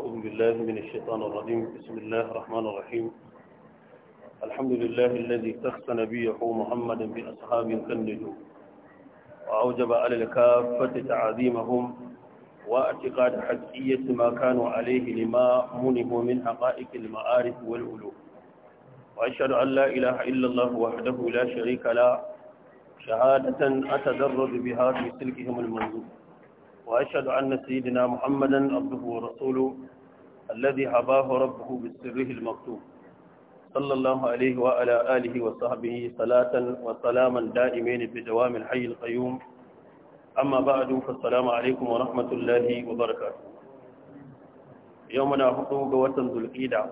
أعوذ بالله من الشيطان الرجيم بسم الله الرحمن الرحيم الحمد لله الذي تخص نبيه محمد بأصحاب كالنجوم وأوجب على الكافة تعظيمهم واعتقاد حقية ما كانوا عليه لما منه من حقائق المعارف والعلوم وأشهد أن لا إله إلا الله وحده لا شريك له شهادة أتدرج بها في سلكهم المنظور وأشهد أن سيدنا محمدا عبده ورسوله الذي هباه ربه بالسره المكتوب صلى الله عليه وعلى آله وصحبه صلاة وسلاما دائمين بجوام الحي القيوم أما بعد فالسلام عليكم ورحمة الله وبركاته يومنا حقوق وطن ذو القيدة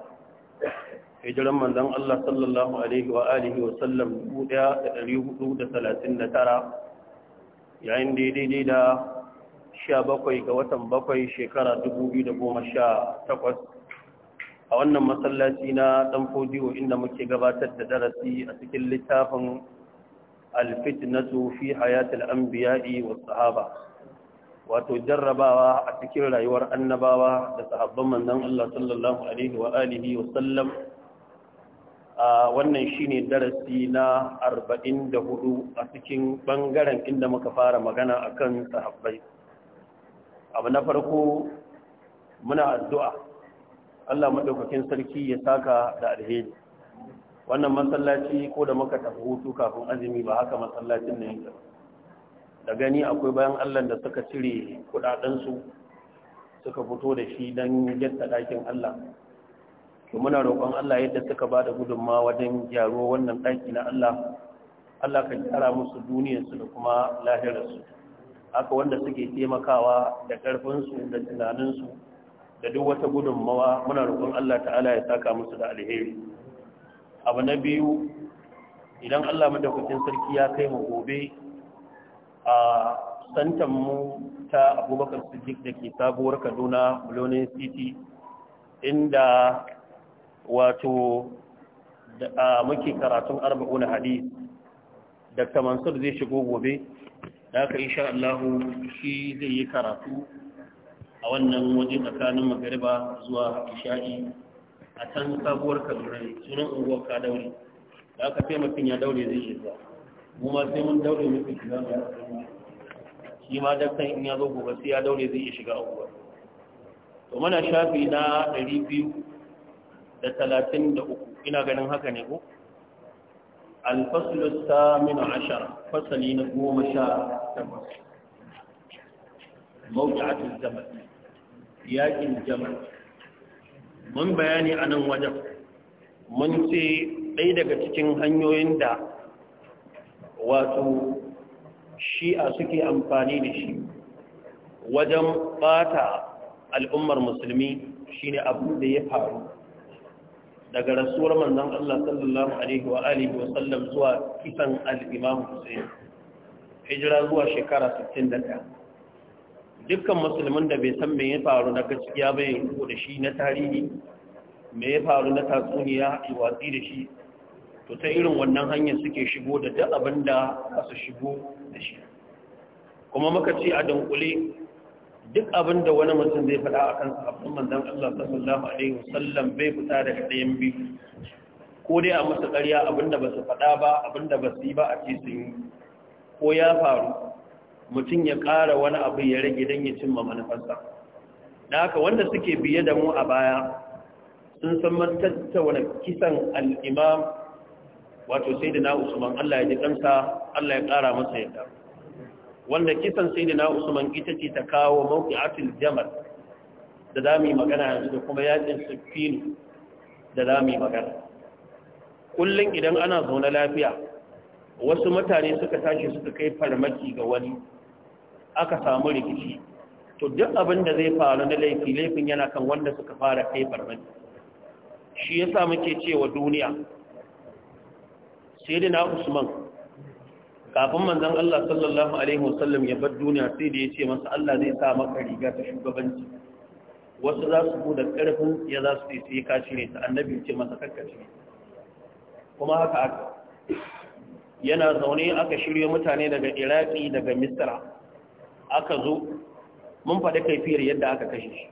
hijiran manzon Allah sallallahu alaihi wa alihi wa sallam 1439 yayin daidai da 17 ga watan 7 shekara 2018 a wannan masallaci na dan fodiyo inda muke gabatar da darasi a cikin littafin alfitnatu fi hayatil anbiya'i was sahaba wato jarrabawa a cikin rayuwar annabawa da sahabban manzon Allah sallallahu alaihi wa alihi wa sallam A wannan shine darasi na 44 a cikin bangaren inda muka fara magana akan sahabbai abu na farko muna addu'a Allah maɗaukakin sarki ya saka da alheri wannan masallaci ko da muka tafi hutu kafin azumi ba haka masallacin nan yake da gani akwai bayan Allah da suka cire kudadensu suka fito da shi don yadda ɗakin Allah ke muna roƙon Allah yadda suka ba da gudunma wajen gyaro wannan ɗaki na Allah Allah ka gyara musu duniyarsu da kuma lahirarsu haka wanda suke taimakawa da ƙarfinsu da tunaninsu da duk wata gudunmawa muna roƙon Allah ta'ala ya saka musu da alheri abu na biyu idan Allah madaukakin sarki ya kai mu gobe a santan mu ta abubakar siddiq da ke sabuwar kaduna bulonin city inda wato da muke karatun arba'una hadis dr mansur zai shigo gobe da aka insha Allah shi zai yi karatu a wannan waje tsakanin magariba zuwa isha'i a can sabuwar kaduna sunan unguwar ka daure da aka fiye mafi ya daure zai yi zuwa mu ma sai mun daure mafi shiga shi ma daktan in ya zo gobe sai ya daure zai iya shiga unguwa to mana shafi na ɗari biyu da talatin da uku ina ganin haka ne ko alfasulus ta min ashara fasali na goma sha mawdu'atul jamal yakin jamal mun bayani a nan wajen mun ce ɗaya daga cikin hanyoyin da wato shi'a suke amfani da shi wajen bata al'ummar musulmi shine abu da ya faru daga rasuwar manzon Allah sallallahu alaihi wa alihi wa sallam zuwa kisan al-Imam Hussein hijira zuwa shekara 61 dukkan musulmin da bai san me ya faru na gaskiya bai ko da shi na tarihi me ya faru na tatsuniya a watsi da shi to ta irin wannan hanyar suke shigo da duk abin da su shigo da shi kuma muka ce a dunkule duk abin wani mutum zai faɗa a kan sabbin manzan Allah sallallahu alaihi wasallam bai fita daga ɗayan biyu ko dai a masa ƙarya abinda ba su faɗa ba abinda ba su yi ba a ce su yi ko ya faru mutum ya ƙara wani abu ya rage don ya cimma manufarsa da haka wanda suke biye da mu a baya sun san wani kisan al'imam wato sai da na usman Allah ya ji ɗansa Allah ya ƙara masa yadda wanda kisan sai da na usman ita ce ta kawo mafi atil jamar da dami magana yanzu da kuma yakin sufinu da dami magana kullum idan ana zaune lafiya wasu mutane suka tashi suka kai farmaki ga wani aka samu rikici to duk abin da zai faru na laifi laifin yana kan wanda suka fara kai farmaki shi yasa muke cewa duniya sai da na usman kafin manzon Allah sallallahu alaihi wasallam ya bar duniya sai da yace masa Allah zai sa maka riga ta shugabanci wasu za su bude karfin ya za su yi sai ka cire ta annabi ya ce masa kakkace kuma haka aka yana zaune aka shirya mutane daga iraki daga misra aka zo mun faɗi kaifiyar yadda aka kashe shi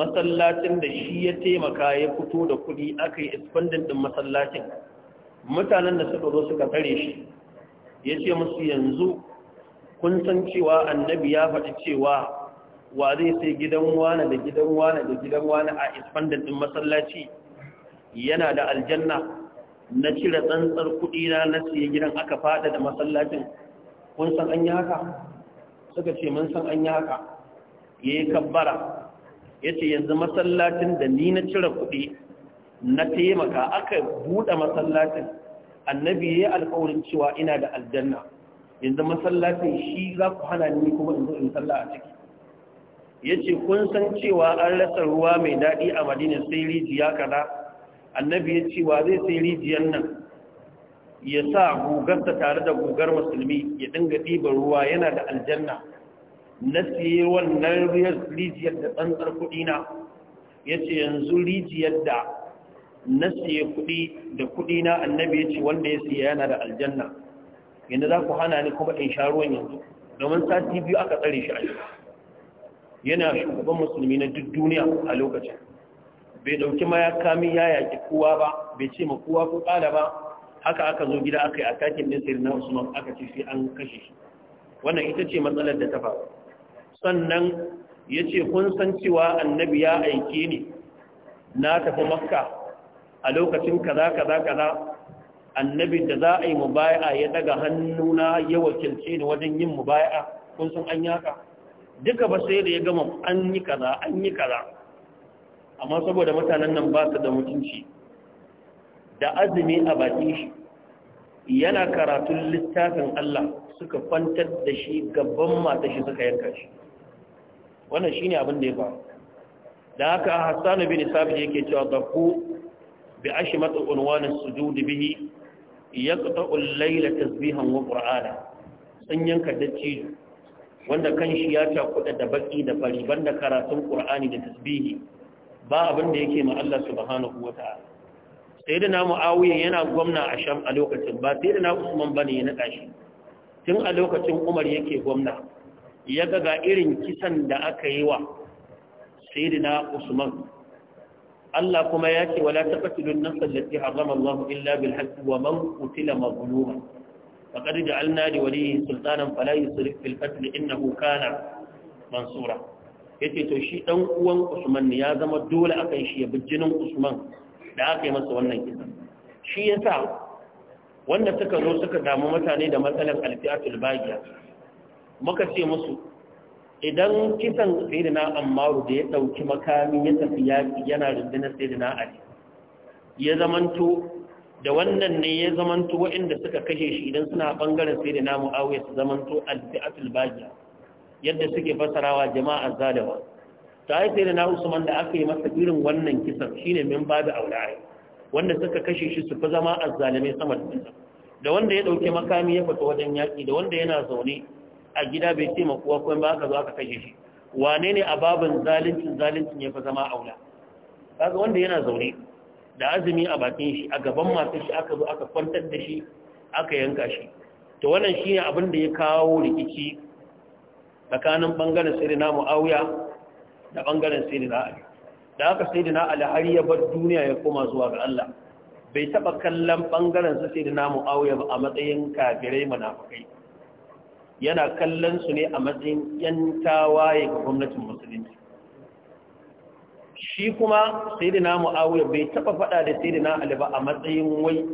masallacin da shi ya taimaka ya fito da kuɗi aka yi expandin ɗin masallacin mutanen da suka zo suka kare shi ya ce musu yanzu kun san cewa annabi ya faɗi cewa wa zai sai gidan wane da gidan wane da gidan wane a expandin ɗin masallaci yana da aljanna na cire tsantsar kuɗi na na siya gidan aka fada da masallacin kun san an yi haka suka ce mun san an yi haka ya yi kabbara ya ce yanzu masallacin da ni na cire kuɗi na taimaka aka buɗe masallacin annabi ya yi alkawarin cewa ina da aljanna yanzu masallacin shi za ku hana ni kuma in zo in sallah a ciki ya ce kun san cewa an rasa ruwa mai daɗi a madina sai rijiya kaza annabi ya ce wa zai sai rijiyar nan ya sa gugarsa tare da gugar musulmi ya dinga ɗiban ruwa yana da aljanna na siye wannan rijiyar da tsantsar na, ya ce yanzu rijiyar da na siye kuɗi da kuɗi na, annabi ya ce wanda ya siya yana da aljanna Yanzu za ku hana ni kuma in sha ruwan yanzu domin sati biyu aka tsare shi a yana shugaban musulmi na duk duniya a lokacin bai dauki mayakami ya yaki kowa ba bai ce ma kowa ko kala ba haka aka zo gida aka yi atakin din sirri na usman aka ce sai an kashe shi wannan ita ce matsalar da ta faru sannan ya ce kun san cewa annabi ya aike ni na tafi makka a lokacin kaza kaza kaza annabi da za a yi mubaya'a ya daga hannuna ya wakilce ni wajen yin mubaya'a kun san an yaka duka ba sai da ya gama an yi kaza an yi kaza amma saboda mutanen nan ba su da mutunci da azumi a bakin shi yana karatun littafin Allah suka kwantar da shi gaban mata shi suka yanka shi wannan shi ne abin da ya faru da haka hassanu bin sabit yake cewa zaku bi ashi matsa unwanin sujudi bihi ya ƙata'ul laila tasbihan wa qur'ana sun yanka dattijo wanda kan shi ya cakuɗa da baƙi da fari banda karatun ƙur'ani da tasbihi ba abin da yake ma Allah subhanahu wata'ala sai da na mu'awiya yana gwamna a sham a lokacin ba sai da na usman bane ya naɗa shi tun a lokacin umar yake gwamna ya ga ga irin kisan da aka yi wa sai da na usman Allah kuma ya ce wala taqtulun nafsal lati harrama Allah illa bil haqqi wa man qutila mazluman faqad ja'alna li waliyyi sultanan fala yusrif fil qatl innahu kana mansura yake to shi dan uwan Usman ne ya zama dole akan shi ya bijinin Usman da aka yi masa wannan kisa shi yasa wanda suka zo suka damu mutane da matsalar alfiatul bagiya muka ce musu idan kisan sayyidina Ammaru da ya dauki makami ya tafi yaki yana rundunar sayyidina Ali ya zamanto da wannan ne ya zamanto waɗanda suka kashe shi idan suna bangaren sayyidina Muawiya su zamanto alfiatul bagiya yadda suke fasarawa jama'a zalewa ta yi sai na usman da aka yi masa irin wannan kisan shine min babu aulai wanda suka kashe shi su fi zama azzalimai sama da nisa da wanda ya dauke makami ya fita wajen yaƙi. da wanda yana zaune a gida bai ce makuwa kuma ba aka zo aka kashe shi wane ne a babin zalincin zalincin ya fi zama aula kaga wanda yana zaune da azumi a bakin shi a gaban masu shi aka zo aka kwantar da shi aka yanka shi to wannan shi ne abin da ya kawo rikici tsakanin ɓangaren sayyidina muawiya da ɓangaren sayyidina ali da haka sayyidina ali har yi bar duniya ya koma zuwa ga Allah bai taba kallon ɓangaren su sayyidina muawiya ba a matsayin kafirai manafakai yana kallon su ne a matsayin yan tawaye ga gwamnatin musulunci shi kuma sayyidina muawiya bai taba fada da sayyidina ali ba a matsayin wai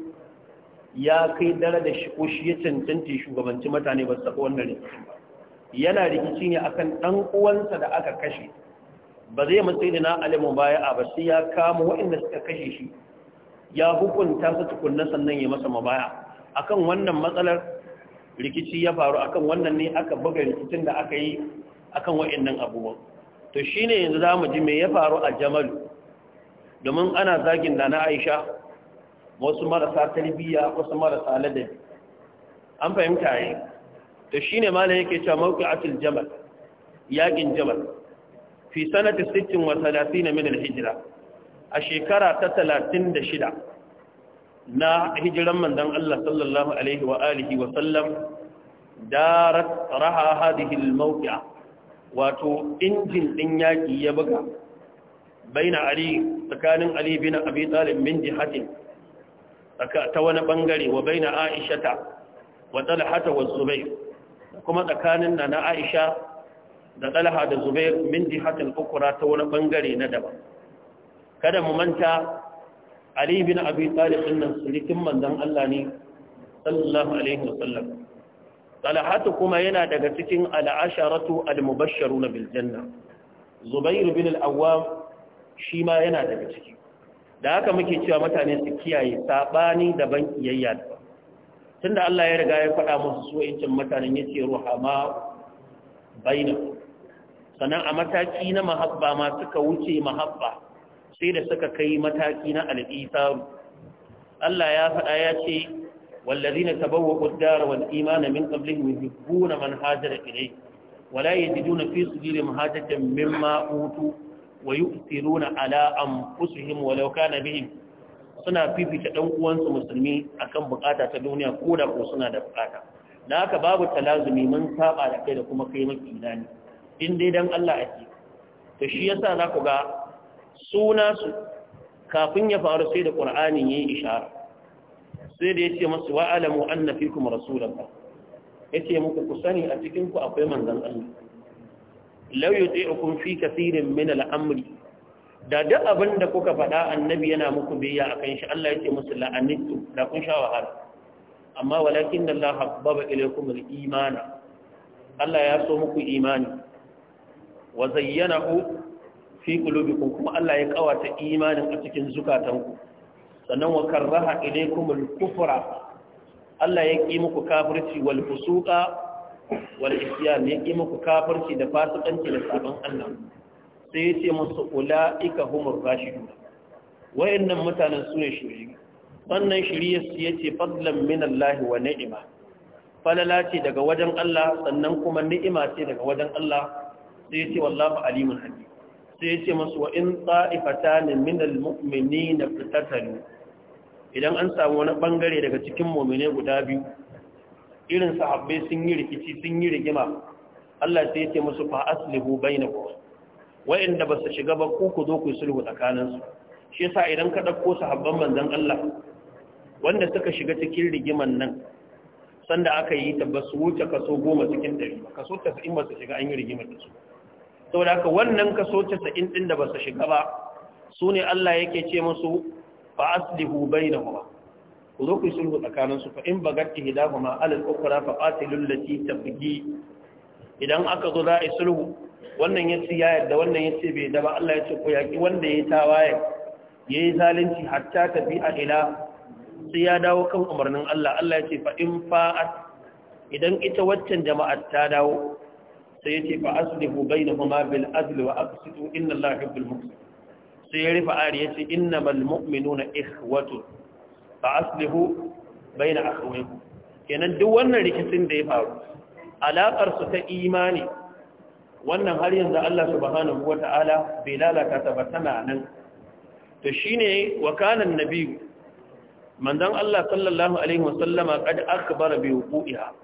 ya kai dara da shi ko shi ya cancanci shugabanci mutane ba su taɓa wannan rikicin ba yana rikici ne akan dan uwansa da aka kashe ba zai da na alimu baya ba sai ya kama waɗanda suka kashe shi ya hukunta su tukunna sannan ya masa mabaya akan wannan matsalar rikici ya faru akan wannan ne aka buga rikicin da aka yi akan waɗannan abubuwan to shine yanzu zamu ji me ya faru a Jamal domin ana zagin da na Aisha wasu marasa tarbiyya wasu marasa ladabi an fahimta yi shi ne malam yake cewa mawqi'atul jamal yakin jamal fi sanati 36 min al-hijra a shekara ta talatin da shida na hijiran manzon Allah sallallahu alaihi wa alihi wa sallam darat raha hadhihi al-mawqi'a wato injin din yaki ya buga baina ali tsakanin ali bin abi talib min jihatin ta wani bangare wa baina aishata wa talhata wa zubair kuma tsakanin na aisha da talha da zubair min jihatin ukura ta wani bangare na daban kada mu manta ali bin abi talib din nan sulikin manzon Allah ne sallallahu alaihi wasallam talhatu kuma yana daga cikin al'asharatu al-mubashsharuna bil janna zubair bin al-awwam shi ma yana daga ciki da haka muke cewa mutane su kiyaye sabani da ban kiyayya da Allah ya riga ya faɗa masu su wa'incin mutanen yace ruhama bainakum sannan a mataki na mahabba ma suka wuce mahabba sai da suka kai mataki na al'isaru Allah ya faɗa ya ce wallazina tabawwa'u ad-dara wal imana min qablihim yuhibbuna man hajara ilayhi wala na fi sudurihim hajatan mimma utu wa yu'thiruna ala anfusihim walauka na bihim suna fifita ɗan uwansu musulmi a kan bukata ta duniya ko da ko suna da bukata da haka babu talazumi mun saba da kai da kuma kai maki ne in dai dan Allah ake to shi yasa za ku ga suna su kafin ya faru sai da ya yi ishara sai da ya yace masu wa alamu kuma fikum Ya ce muku ku sani a cikin ku akwai manzan Allah tsaye ukun fi kasirin min al da duk abin da kuka faɗa annabi yana muku biyya kan shi Allah ya ce musu la'anittu da kun sha wahala amma walakin Allah habbaba Ilaikum al-imana Allah ya so muku imani wa zayyanahu fi qulubikum kuma Allah ya kawata imanin a cikin zukatanku sannan wa karraha Ilaikum al-kufra Allah ya ƙi muku kafirci wal fusuqa wal isyan ya ƙi muku kafirci da fasikanci da sabon Allah sai ya ce musu ula'ika humur rashidu wayannan mutanen su ne shiri wannan shiri ya ce fadlan minan lahi wa ni'ima falala ce daga wajen Allah sannan kuma ni'ima ce daga wajen Allah sai ya ce wallahu alimun hakim sai ya ce musu wa in ta'ifatan min na fitatalu idan an samu wani bangare daga cikin mu'mine guda biyu irin sahabbai sun yi rikici sun yi rigima Allah sai ya ce musu fa aslihu bainakum Waɗanda ba su shiga ba ku ku zo ku yi sulhu tsakaninsu shi sa idan ka ɗauko sahabban manzon Allah wanda suka shiga cikin rigiman nan sanda aka yi ta ba su wuce kaso goma cikin ɗari kaso tasa'in ba su shiga an yi rigimar da su saboda haka wannan kaso tasa'in ɗin da ba su shiga ba su ne Allah yake ce musu fa aslihu bainahuma ku zo ku yi sulhu tsakaninsu fa in bagat ihdahuma alal ukhra fa qatilul lati tabghi idan aka zo za a yi sulhu wannan ya ce ya yarda wannan ya ce bai da Allah ya ce ko yaƙi wanda ya ta tawaye ya yi zalunci hatta tafi a ila sai ya dawo kan umarnin Allah Allah ya ce fa in fa'at idan ita waccan jama'ar ta dawo sai ya ce fa aslihu kuma bil adl wa aqsitu inna Allah bil muqsitin sai ya rufe ayar ya ce muminu na ikhwatu fa aslihu baina akhawaykum kenan duk wannan rikicin da ya faru alaƙarsu ta imani wannan har yanzu Allah subhanahu wata'ala bai lalata ta ba tana nan to shine wa Nabiyu. annabi manzon Allah sallallahu alaihi wasallama kad akbara bi wuqiha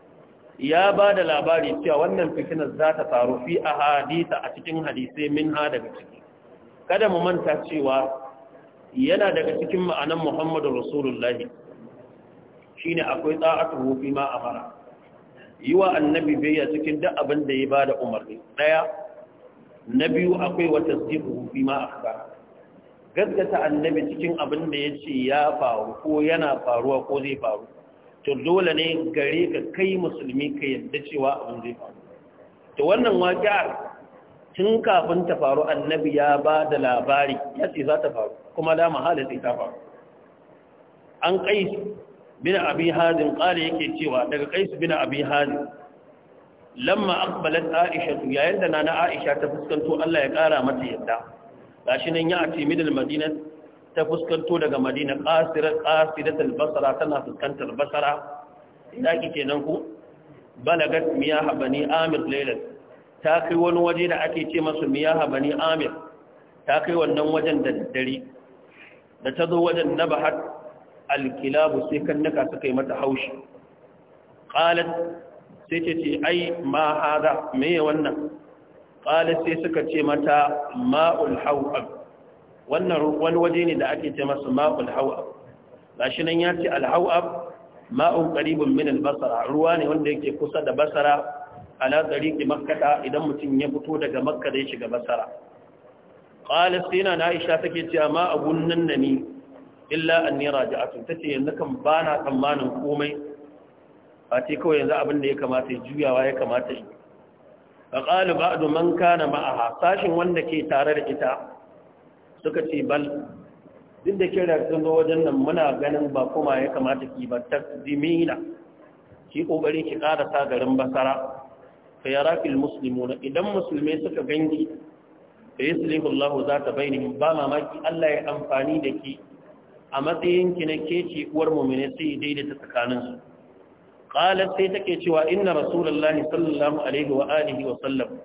ya ba da labari cewa wannan fitinar za ta faru fi a hadisa a cikin hadisai min ha daga ciki kada mu manta cewa yana daga cikin ma'anan muhammadu rasulullahi ne akwai tsa'atu fi ma amara yi wa annabi biyayya cikin duk abin da ya ba da umarni ɗaya na biyu akwai wata zihu fi ma akhbar gaskata annabi cikin abin da ya ce ya faru ko yana faruwa ko zai faru to dole ne gare ka kai musulmi ka yadda cewa abin zai faru to wannan waƙi'ar tun kafin ta faru annabi ya ba da labari ya ce za ta faru kuma da mahala sai ta faru an kai bin abi hazin ƙara yake cewa daga kaisu bin abi hazin lamma akbalat aisha yayin da nana aisha ta fuskanto Allah ya ƙara mata yadda gashi nan ya ati midal madina ta fuskanto daga madina qasirat qasirat al-basra tana fuskantar basra daki kenan ku balagat miyaha bani amir laylat ta kai wani waje da ake ce masa miyaha bani amir ta kai wannan wajen da dare da ta zo wajen nabahat alkilabu sai kan naka suka yi mata haushi qalat sai ta ce ai ma hada meye wannan qalat sai suka ce mata ma'ul Hau'ab. wannan wani waje ne da ake ce masa ma'ul hawab gashi nan ya ce Alhau'ab ma'un ƙaribin min albasara ruwa ne wanda yake kusa da basara ala ki makkata idan mutum ya fito daga makka da ya shiga basara ƙalis sai na aisha take cewa ma abun nan na ni illa anni raja'atun tace yanzu kan bana tsammanin komai a ce kawai yanzu abin ya kamata ya juyawa ya kamata yi fa qalu ba'du man kana ma'aha sashin wanda ke tare da ita suka ce bal duk da kira sun zo wajen nan muna ganin ba kuma ya kamata ki ba takdimina ki kokarin ki karasa garin basara fa yarafil muslimuna idan musulmai suka ganki fa yuslihu Allah zata bainihim ba mamaki Allah ya amfani da ki a matsayin ki na keci uwar mu'mini sai daidaita tsakanin su sai take cewa inna rasulullahi sallallahu alaihi wa alihi wa sallam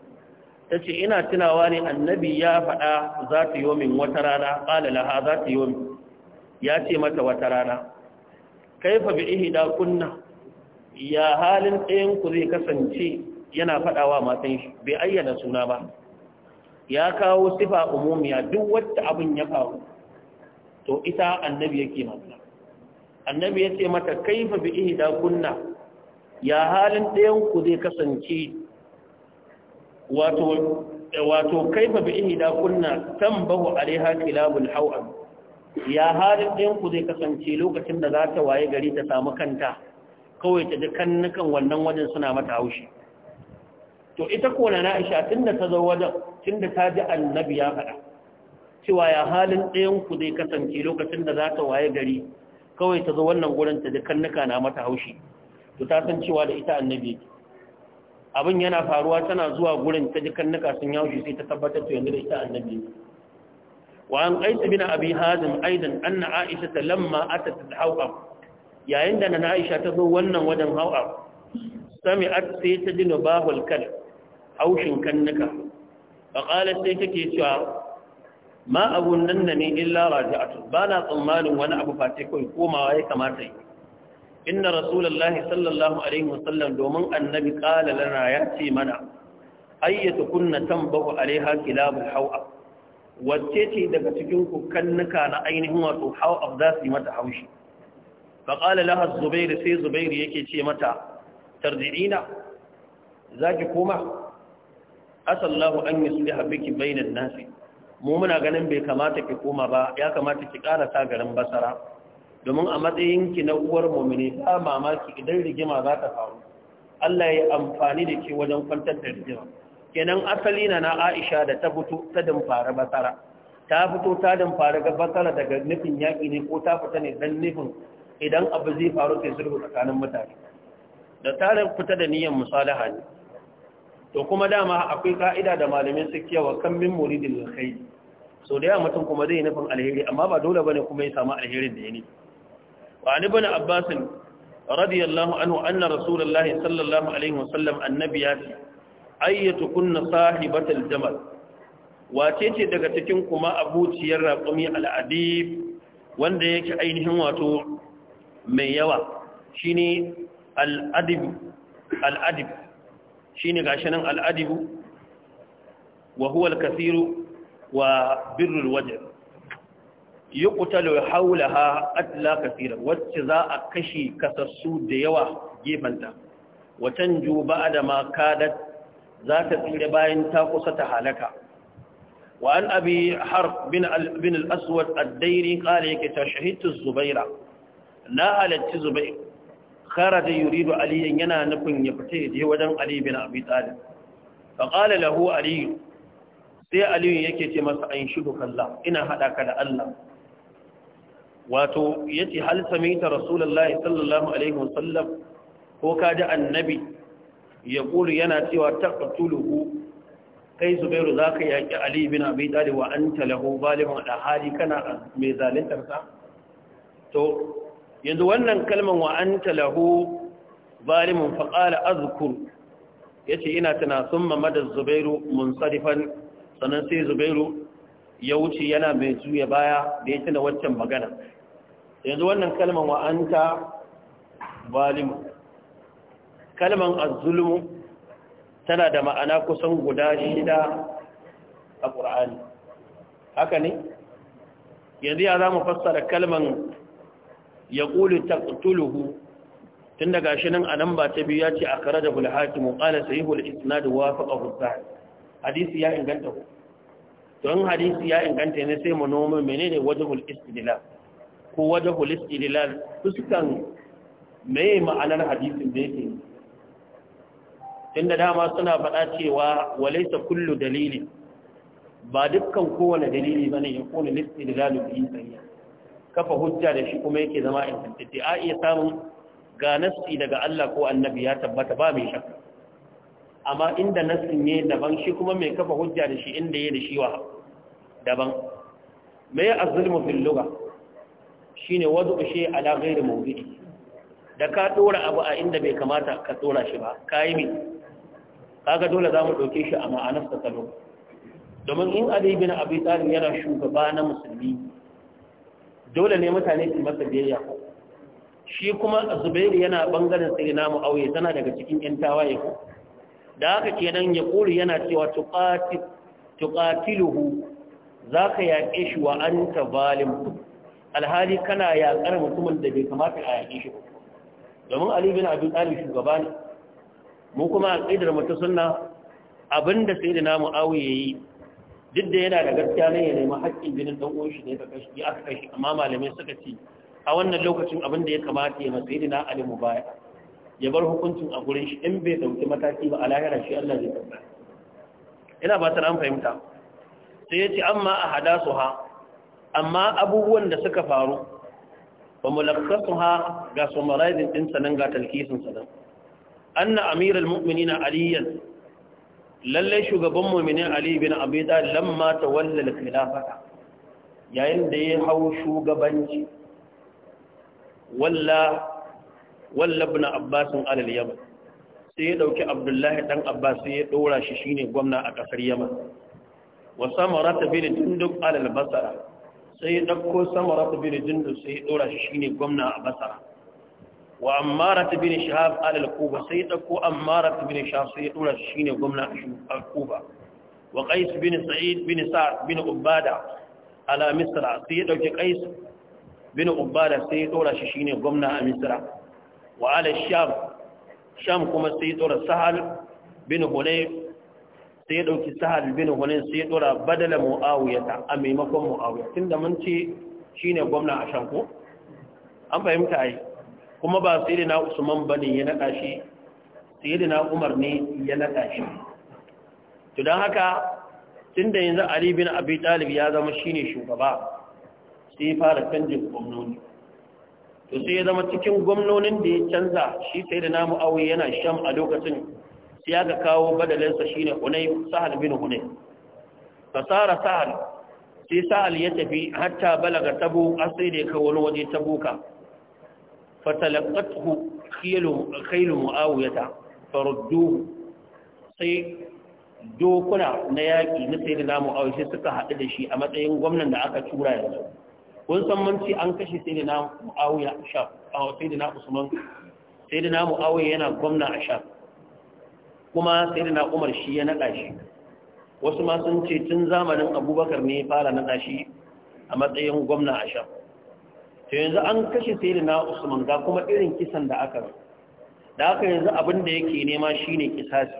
tace ina tunawa ne annabi ya faɗa za ta yi min wata rana qala za ta min? ya ce mata wata rana kaifa bi ihda kunna ya halin ɗayan zai kasance yana faɗawa matan shi bai ayyana suna ba ya kawo sifa umumiya duk wata abin ya faru to ita annabi yake mata annabi ya ce mata kaifa bi ihda kunna ya halin ɗayan ku zai kasance wato wato kaifa bi ihda kunna tambahu alaiha kilabul hawan ya halin ɗayan ku zai kasance lokacin da za ta waye gari ta samu kanta kawai ta ji kannukan wannan wajen suna mata haushi to ita kona na isha tunda ta zo wajen tunda ta ji annabi ya faɗa cewa ya halin ɗayan ku zai kasance lokacin da za ta waye gari kawai ta zo wannan gurin ta dukkan nuka na mata haushi to ta san cewa da ita annabi abin yana faruwa tana zuwa gurin ta dukkan nuka sun haushi sai ta tabbatar to yanzu da ita annabi wa an qaita bin abi hazim aidan anna aisha ta lamma atat al-hawqa yayin da na aisha ta zo wannan wajen hawa sami'at sai ta ji nabahul kal haushin kannuka fa qalat sai take cewa ma abun nan da ne illa raji'atu ba na tsammanin wani abu face kawai komawa ya kamata yi inna rasulullahi sallallahu alaihi wasallam domin annabi qala lana ya ce mana ayyatu kunna tambahu alaiha kilabul hawa wacce ce daga cikin ku kannuka na ainihin wato hawa za su yi mata haushi fa qala laha zubair sai zubair yake ce mata tarji'ina zaki koma asallahu an yusliha biki bainan nasi mu muna ganin bai kamata ki koma ba ya kamata ki karasa garin basara domin a matsayin ki na uwar mu'mini ba mamaki idan rigima za ta faru Allah ya amfani da ke wajen kwantar da rigima kenan asali na na Aisha da ta fito ta damfara basara ta fito ta damfara ga basara daga nufin yaƙi ne ko ta fita ne dan nufin idan abu zai faru sai sulhu tsakanin mutane da tarin fita da niyyar musalaha ne to kuma dama akwai ka'ida da malamin su kewa kan min muridin alkhairi so da yawa mutum kuma zai nufin alheri amma ba dole bane kuma ya samu alherin da ya nufi wa ani bin Abbasin radiyallahu anhu anna rasulullahi sallallahu alaihi wasallam annabi ya ce ayyatu kunna sahibatal jamal wace ce daga cikin kuma abuciyar raqumi al-adib wanda yake ainihin wato mai yawa shine al-adib al-adib shine gashi nan al-adib wa huwa al-kathiru wa birnin wajen yi kutalo haula ha atla kafira wacce za a kashe kasassu da yawa gefanta watan Juma'a da ma kadat za ta tsire bayan ta kusa ta halaka wa an abi har bin al’aswar addairi kala yake ta shahittun zubaira na halarci zubair kara da yuri da aliyan yana nufin ya fita yaje wajen ali bin abi talib kala lahu aliyu sai aliyu yake ce masa an shudu kalla ina haɗa ka da Allah wato ya ce hal samita rasulullahi sallallahu alaihi wasallam ko ka ji annabi ya ƙuri yana cewa taqtuluhu kai zubairu za ka yaƙi ali bin abi talib wa anta lahu zalimun da hali kana mai zalintar sa to yanzu wannan kalman wa anta lahu zalimun fa qala azkur yace ina tana summa madaz zubairu munsarifan sannan sai zubairu ya wuce yana mai juya baya da ya tuna waccan magana yanzu wannan kalman wa'anta balimu kalman azulmu tana da ma'ana kusan guda shida a ƙur'ani haka ne yanzu ya za mu fassara kalman ya ƙuli taƙtuluhu tun daga shi nan a nan ba ta biyu ya ce a kare da hulhakimu ƙala sayi na da wafaƙa hulzari hadisi ya inganta ku don hadisi ya inganta ne sai mu noma menene wajhul istidlal ko wajhul istidlal fuskan mai ma'anar hadisin da yake tunda dama suna faɗa cewa walaysa kullu dalili ba dukkan kowane dalili bane ya kone istidlal bi sayya kafa hujja da shi kuma yake zama ingantacce a iya samun ga nasi daga Allah ko annabi ya tabbata ba mai shakka amma inda nasin ne daban shi kuma mai kafa hujja da shi inda ya da shi wa daban mai azulmu fil lugha shine wadu shi ala ghairi mawdi'i da ka dora abu a inda bai kamata ka dora shi ba kai mi kaga dole za mu dauke shi a ma'anar sa salo domin in ali bin abi talib yana shugaba na musulmi dole ne mutane su masa biyayya shi kuma zubairu yana bangaren sai namu mu'awiya tana daga cikin yan tawaye ko da haka kenan ya ƙuri yana cewa tukatiluhu za ka yaƙe shi wa an ta valin alhali kana yaƙar mutumin da bai kamata a yaƙe shi domin alibin abin ɗalib shugaba ne mu kuma a ƙidar mutu suna abin da sai da namu awu ya yi duk da yana da gaskiya ne ya nemi haƙƙin jinin ɗan uwan shi ne ka kashi aka kashi amma malamai suka ce a wannan lokacin abin da ya kamata ya masai da na alimu baya ya bar hukuncin a gurin shi in bai dauki mataki ba a lahira shi Allah zai karba ina ba ta an fahimta sai ya ce amma a hadasu ha amma abubuwan da suka faru ba mulakkasu ha ga summarizing din sanan ga talkisin sanan anna amiral mu'minina aliyan lalle shugaban mu'minin ali bin abi talib lamma tawalla al-khilafata yayin da ya hau shugabanci walla wallabna abbasin alal yaman sai ya dauki abdullahi dan abbas sai ya dora shi shine gwamna a kasar yaman wa samarata bin jundub alal basara sai ya dauko samarata bin jundub sai ya dora shi shine gwamna a basara wa ammarata bin shahab alal kuba sai ya dauko ammarata bin shahab sai ya dora shi shine gwamna a kuba wa qais bin sa'id bin sa'd bin ubada ala misra sai ya dauki qais bin ubada sai ya dora shi shine gwamna a misra wa ala sham sham kuma sai ya dora sahal bin hunay sai ya dauki sahal bin hunay sai ya dora badala muawiyata a maimakon muawiya tunda mun ce shine gwamna a sham ko an fahimta ai kuma ba sai da na usman bane ya nada shi sai da na umar ne ya nada shi to dan haka tunda yanzu ali bin abi talib ya zama shine shugaba sai fara canjin gwamnoni to sai ya zama cikin gwamnonin da ya canza shi sai da namu awi yana sham a lokacin sai ya ga kawo badalinsa shi ne hunay sahal bin hunay fasara sahal sai sahal ya tafi hatta balaga tabu har sai da ya kawo wani waje tabuka fatalaqathu khaylu khaylu muawiyata faruddu sai dokuna na yaƙi na sai da namu awi sai suka haɗu da shi a matsayin gwamnan da aka tura yanzu kun san manci an kashe sai da na muawiya a sham a sai da usman sai da muawiya yana gwamna a kuma sai da na umar shi ya naɗa shi wasu ma sun ce tun zamanin abubakar ne ya fara naɗa shi a matsayin gwamna a sham to yanzu an kashe sai da na usman ga kuma irin kisan da aka da aka yanzu abin da yake nema shine kisasi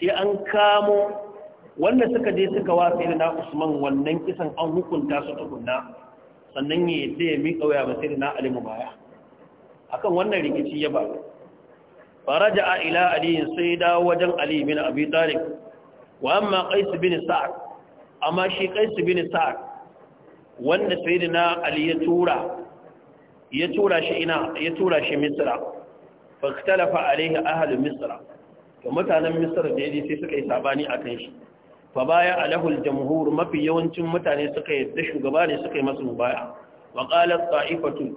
sai an kamo wanda suka je suka wa sai da na usman wannan kisan an hukunta su tukunna sannan ya yadda ya miƙa waya ba sai na alimu baya akan wannan rikici ya ba faraja a ila aliyin sai dawo wajen ali bin abi talib wa amma qais bin sa'ad amma shi qais bin sa'ad wanda sayyidina ali ya tura ya tura shi ina ya tura shi misra fa ikhtalafa alaihi ahlu misra to mutanen misra da ya yaji sai suka yi sabani kan shi fa baya alahul jamhur mafi yawancin mutane suka yadda shugaba ne suka yi masa mubaya wa qalat ta'ifatu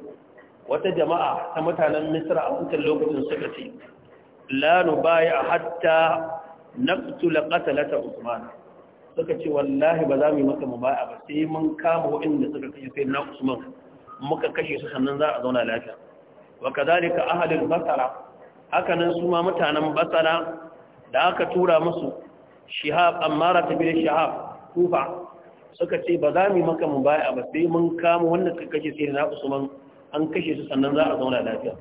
wata jama'a ta mutanen misra a wancan lokacin suka ce baya nubaya hatta naqtula qatalata usman suka ce wallahi ba za mu yi maka mubaya ba sai mun kama waɗanda suka kashe sai na usman muka kashe su sannan za a zauna lafiya wa kadhalika ahalin basara hakanan su ma mutanen basara da aka tura musu shihab ammara ta bin shihab kufa suka ce ba za mu maka mu baya ba sai mun kama wanda suka kashe sai na usman an kashe su sannan za a zauna lafiya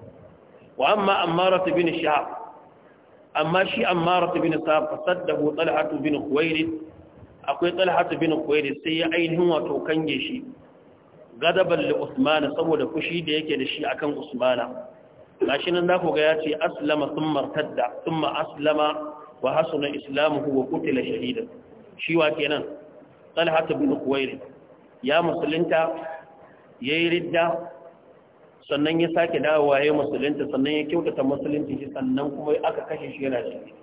wa amma ammara ta bin shihab amma shi ammara ta bin sa fasaddahu talhatu bin khuwailid akwai talhatu bin khuwailid sai ya ainihin wato kange shi gadaban li Usman saboda fushi da yake da shi akan usmana gashi nan za ku ga ya ce aslama sun martadda sun aslama wa hasuna islamuhu wa kutila shahidan shi wa kenan talha bin kuwairi ya musulunta yayi ridda sannan ya sake dawowa yayi musulunta sannan ya kyautata musulunci shi sannan kuma aka kashe shi yana shi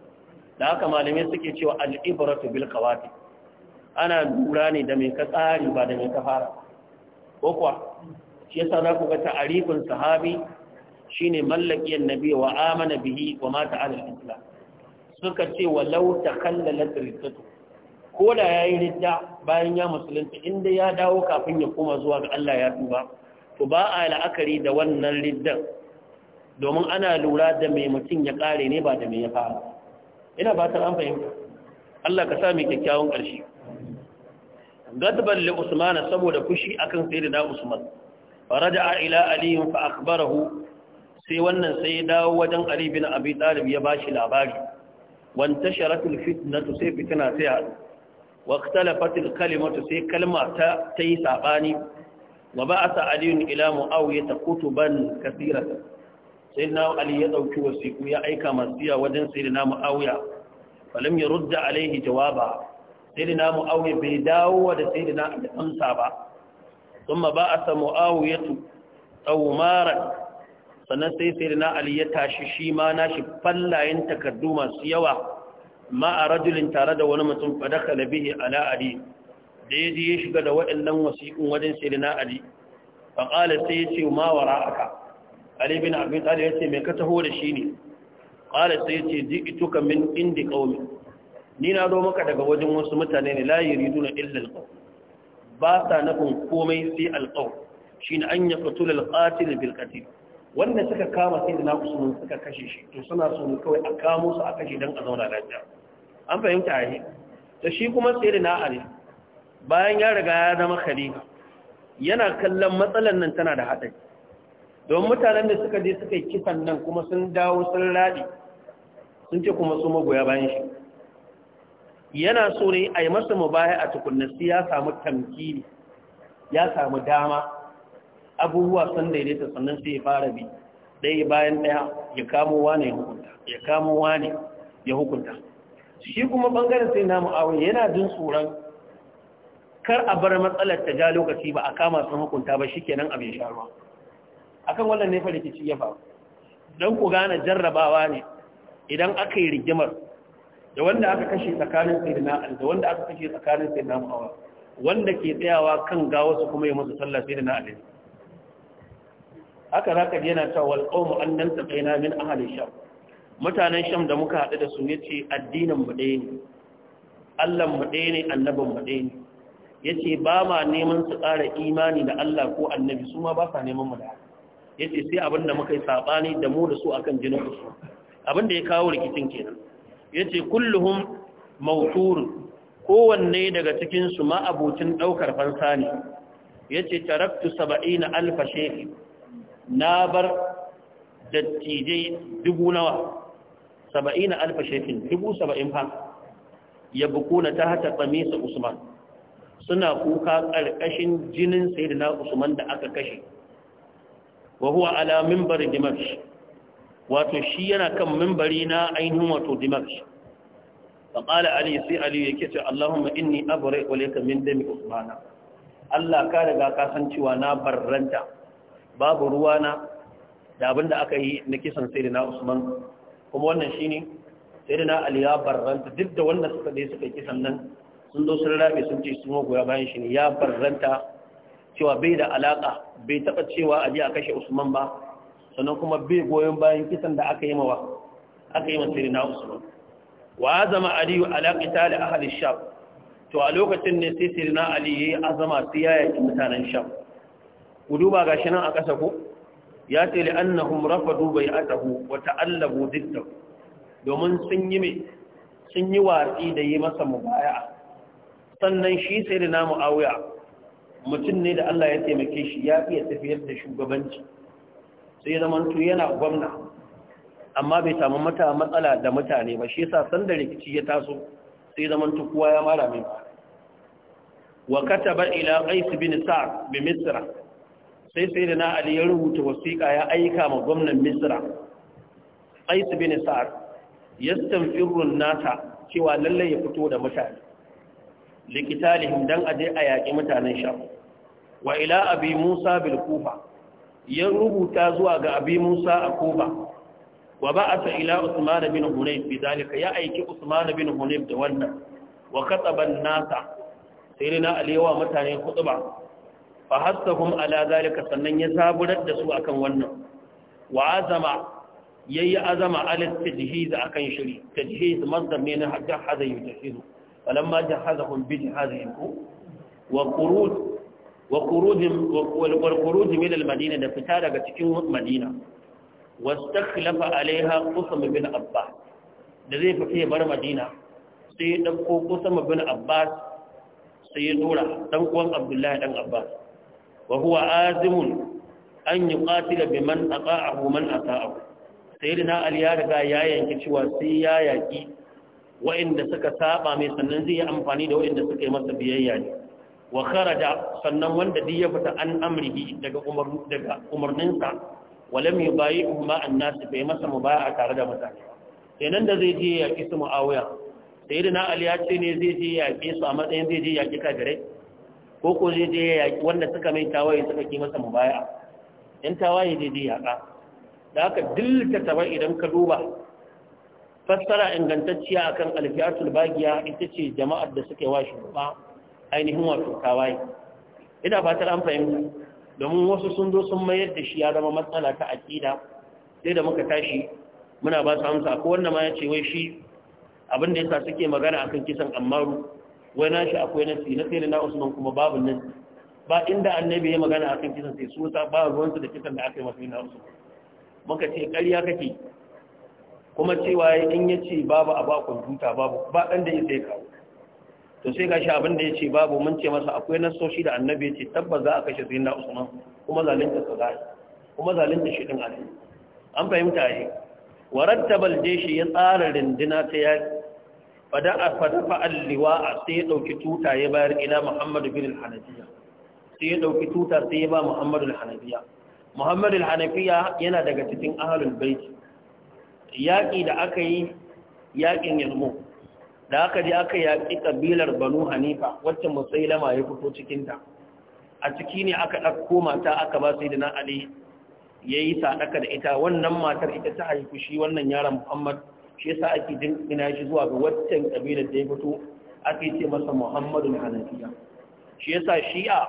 da haka malamai suke cewa al-ibratu bil qawati ana dura ne da mai ka ba da mai ka ko kuwa shi yasa za ku ga ta'arifin sahabi shine mallaki annabi wa amana bihi wa mata ala al-islam suka ce walau ta na riddatu ko da yi ridda bayan ya musulunta inda ya dawo kafin ya koma zuwa ga Allah ya duba. to ba a la'akari da wannan riddan domin ana lura da mai mutum ya kare ne ba da mai ya fara ina ba ta an fahimta Allah ka sa mai kyakkyawan ƙarshe Gadbar li Usman saboda fushi akan sayyidina Usman faraja ila Ali fa akhbarahu sai wannan sai ya dawo wajen Ali bin Abi Talib ya bashi labari وانتشرت الفتنة سي فتنة سياد واختلفت الكلمة سي كلمة تي ساقاني وبعث علي إلى معاوية كتبا كثيرة سيدنا علي يدعوك وسيكو يا أيكا مسيا ودن سيدنا معاوية فلم يرد عليه جوابا سيدنا معاوية بيداو ود سيدنا أمسا ثم بعث معاوية أو مارك sannan sai sai na ali ya tashi shi ma na shi fallayen takardu masu yawa ma a rajulin tare da wani mutum fadaka labihi ala ali da ya je ya shiga da waɗannan wasiƙun wajen sai na ali faƙala sai ya ce ma wara aka ali bin abin tsari ya ce mai ka taho da shi ne ƙala sai ya ce ji ituka min indi ƙaumi ni na zo maka daga wajen wasu mutane ne layi ridu na illal ƙau ba sa nufin komai sai alƙau shi ne an yi fatul alƙatil bil qatil wanda suka kama sai da naku suka kashe shi to suna so kawai a kamo su a kashe don a zauna lafiya an fahimta a yi da shi kuma sai da na'ari bayan ya riga ya zama khalifa yana kallon matsalar nan tana da haɗari don mutanen da suka je suka yi kisan nan kuma sun dawo sun raɗi sun ce kuma su magoya bayan shi yana so ne a yi masa mubaya a tukunna siyasa ya samu tamkini ya samu dama abubuwa sun daidaita sannan sai ya fara bi ɗaya bayan ɗaya ya kamo wane ya hukunta ya kamo wane ya hukunta shi kuma ɓangaren sai namu awon yana jin tsoron kar a bar matsalar ta ja lokaci ba a kama sun hukunta ba shi kenan abin sharuwa akan wannan nefa rikici ya faru don ku gane jarrabawa ne idan aka yi rigimar da wanda aka kashe tsakanin sai da da wanda aka kashe tsakanin sai da wanda ke tsayawa kan gawa su kuma yi musu sallah sai da na'al haka za ka je yana cewa nan ta kai taqaina min halin sham mutanen sham da muka haɗu da su ya ce addinin mu ɗaya ne Allah mu ɗaya ne annabin mu ɗaya ne ce ba ma neman su ƙara imani da Allah ko annabi su ma ba sa neman mu da Ya ce sai abin da muka yi sabani da mu da su akan jinin su abin da ya kawo rikicin kenan Ya ce kulluhum mauturu kowanne daga cikinsu ma abocin ɗaukar fansa ne ce taraktu 70 alf shaykh na bar dattijai dubu nawa saba'ina alfa shekin dubu saba'in fa ya bukuna ta hata tsamisa usman suna kuka ƙarƙashin jinin na usman da aka kashe wa huwa ala dimash wato shi yana kan mimbari na ainihin wato dimash fa ali sai ali yake ce allahumma inni abra'u ka min dami usmana Allah ka daga ka cewa na barranta babu ruwana da abin da aka yi na kisan sayyidina Usman kuma wannan shine sayyidina Ali ya barranta duk da wannan suka dai suka kisan nan sun zo sun rabe sun ce sun goya bayan shi ne ya barranta cewa bai da alaka bai taba cewa a ji a kashe Usman ba sannan kuma bai goyon bayan kisan da aka yi mawa aka yi ma sayyidina Usman wa azama Ali ala da ahalin sham to a lokacin ne sai sayyidina Ali yayi azama sai ya mutanen sham ku duba shi nan a ƙasa ko ya ce li annahum rafadu bai'atahu wa ta'allabu didda domin sun yi me sun yi watsi da yi masa mu baya. sannan shi sai da namu awuya mutum ne da Allah ya taimake shi ya iya tafiyar da shugabanci sai zaman to yana gwamna amma bai samu mata matsala da mutane ba shi yasa san da rikici ya taso sai zaman to kowa ya mara mai wa kataba ila qais bin sa'd bi misra sai sai da na ali ya rubuta wasiƙa ya aika ma gwamnan misra qais bin sa'ad yastanfiru nata, cewa lalle ya fito da mutane likitalihim dan aje a yaƙi mutanen sha wa ila abi musa bil kufa ya rubuta zuwa ga abi musa a kuba wa ba'atha ila usman bin hunayf zalika ya aiki usman bin hunayf da wannan wa kataban nasa sai na ali yawa mutane kutuba fa hasahum ala zalika sannan ya zaburar da su akan wannan wa azama yayi azama ala tajhiz akan shiri tajhiz masdar ne na jahaza yujhizu falamma jahazahum bi jihazihim wa qurud wa qurudhim wal qurud min al madina da fita daga cikin madina wastakhlafa alaiha qusam bin abba da zai fita bar madina sai ya dauko qusam bin abbas sai ya dora dan uwan abdullahi dan abbas wa huwa azimun an yuqatila biman ata'ahu man ata'ahu sayyidina ali ya riga ya yanki cewa sai ya yaki wa'inda suka saba mai sannan zai yi amfani da wa'inda suka masa biyayya ne wa kharaja sannan wanda duk ya fita an amrihi daga umar bai masa tare da mutane kenan da zai je ya yaki su Sai da na ya ce ne zai je ya su a matsayin zai je ya yaki ko ko zai je ya wanda suka mai tawaye suka ki masa mubaya yan tawaye zai je yaƙa da haka dillata taba idan ka duba fassara ingantacciya akan alfiyatul bagiya ita ce jama'ar da suke washe ba ainihin wato tawaye ina fatar an fahimta domin wasu sun zo sun mayar da shi ya zama matsala ta aqida sai da muka tashi muna ba su amsa ko wanda ma ya ce wai shi abin da yasa suke magana akan kisan ammaru wai na shi akwai nasi na sai na usman kuma babu nan. ba inda annabi ya magana a kan kisan sai su ta ba su da kisan da aka yi masu na usman muka ce ƙarya kake kuma cewa in ya ce babu a ba kwamfuta babu ba ɗan da ya sai kawo to sai gashi abin da ya ce babu mun ce masa akwai soshi da annabi ya ce tabbas za a kashe sai na usman kuma zalinta su zai kuma zalinta shi ɗin an fahimta yi warattabal jeshi ya tsara rindina ta yaki fada a fada fa'al liwa'a sai ya ɗauki tuta ya bayar ila muhammadu bin hanafiya sai ya ɗauki tuta sai ya ba muhammadu hanafiya muhammadu hanafiya yana daga cikin ahalul baiti yaƙi da aka yi yaƙin yalmo da aka ji aka yaƙi ƙabilar banu hanifa wacce musailama ya fito cikinta a ciki ne aka ɗauko mata aka ba sai da na ali ya yi saɗaka da ita wannan matar ita ta haifi shi wannan yaron muhammad shi yasa ake dinkina shi zuwa ga waccan kabilar da ya fito ake ce masa muhammadun hanafiya shi yasa shi'a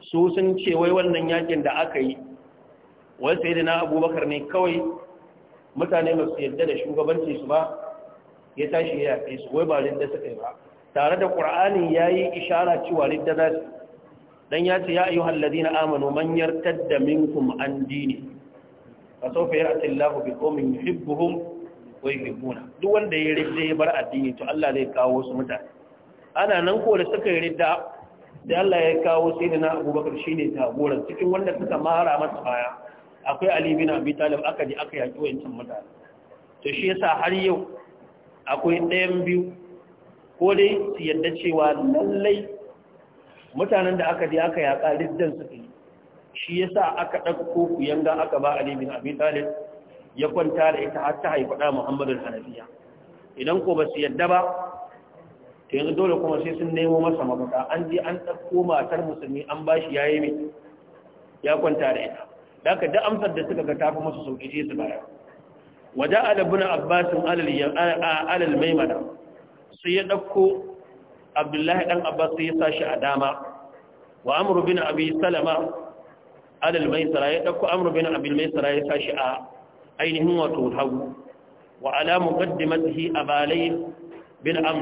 su sun ce wai wannan yakin da aka yi wai sai da na abubakar ne kawai mutane ba su yarda da shugabanci su ba ya tashi ya yi su wai ba ridda suka yi ba tare da ƙur'ani yayi yi ishara cewa ridda za su dan ya ce ya ayyuhal ladina amanu man yartadda minkum an dini fa sawfa ya'ti Allahu bi qaumin yuhibbuhum wai mimuna duk wanda ya ridda ya bar addini to Allah zai kawo su mutane ana nan ko da suka yi ridda da Allah ya kawo sai da na Abubakar shine jagoran cikin wanda suka mara masa baya akwai Ali bin Abi Talib aka ji aka yaki wayancin mutane to shi yasa har yau akwai ɗayan biyu ko dai su yadda cewa lallai mutanen da aka ji aka yaƙa riddan suke shi yasa aka ɗauko ku yanga aka ba Ali bin Abi Talib ya kwanta da ita har ta haifa da Muhammadu Hanafiya idan ko ba su yadda ba to yanzu dole kuma sai sun nemo masa mafaka an je an ɗauko matar musulmi an ba shi yayi mai ya kwanta da ita daga da amsar da suka ga tafi masa sauƙi sai su bayar waja alabuna abbasin alal maimana sai ya ɗauko abdullahi ɗan abbas sai ya sa shi a dama wa amru bin abi salama alal maisara ya ɗauko amru bin abi maisara ya sa shi a ainihin wato hagu wa alamu ala muqaddimatihi abalay bin am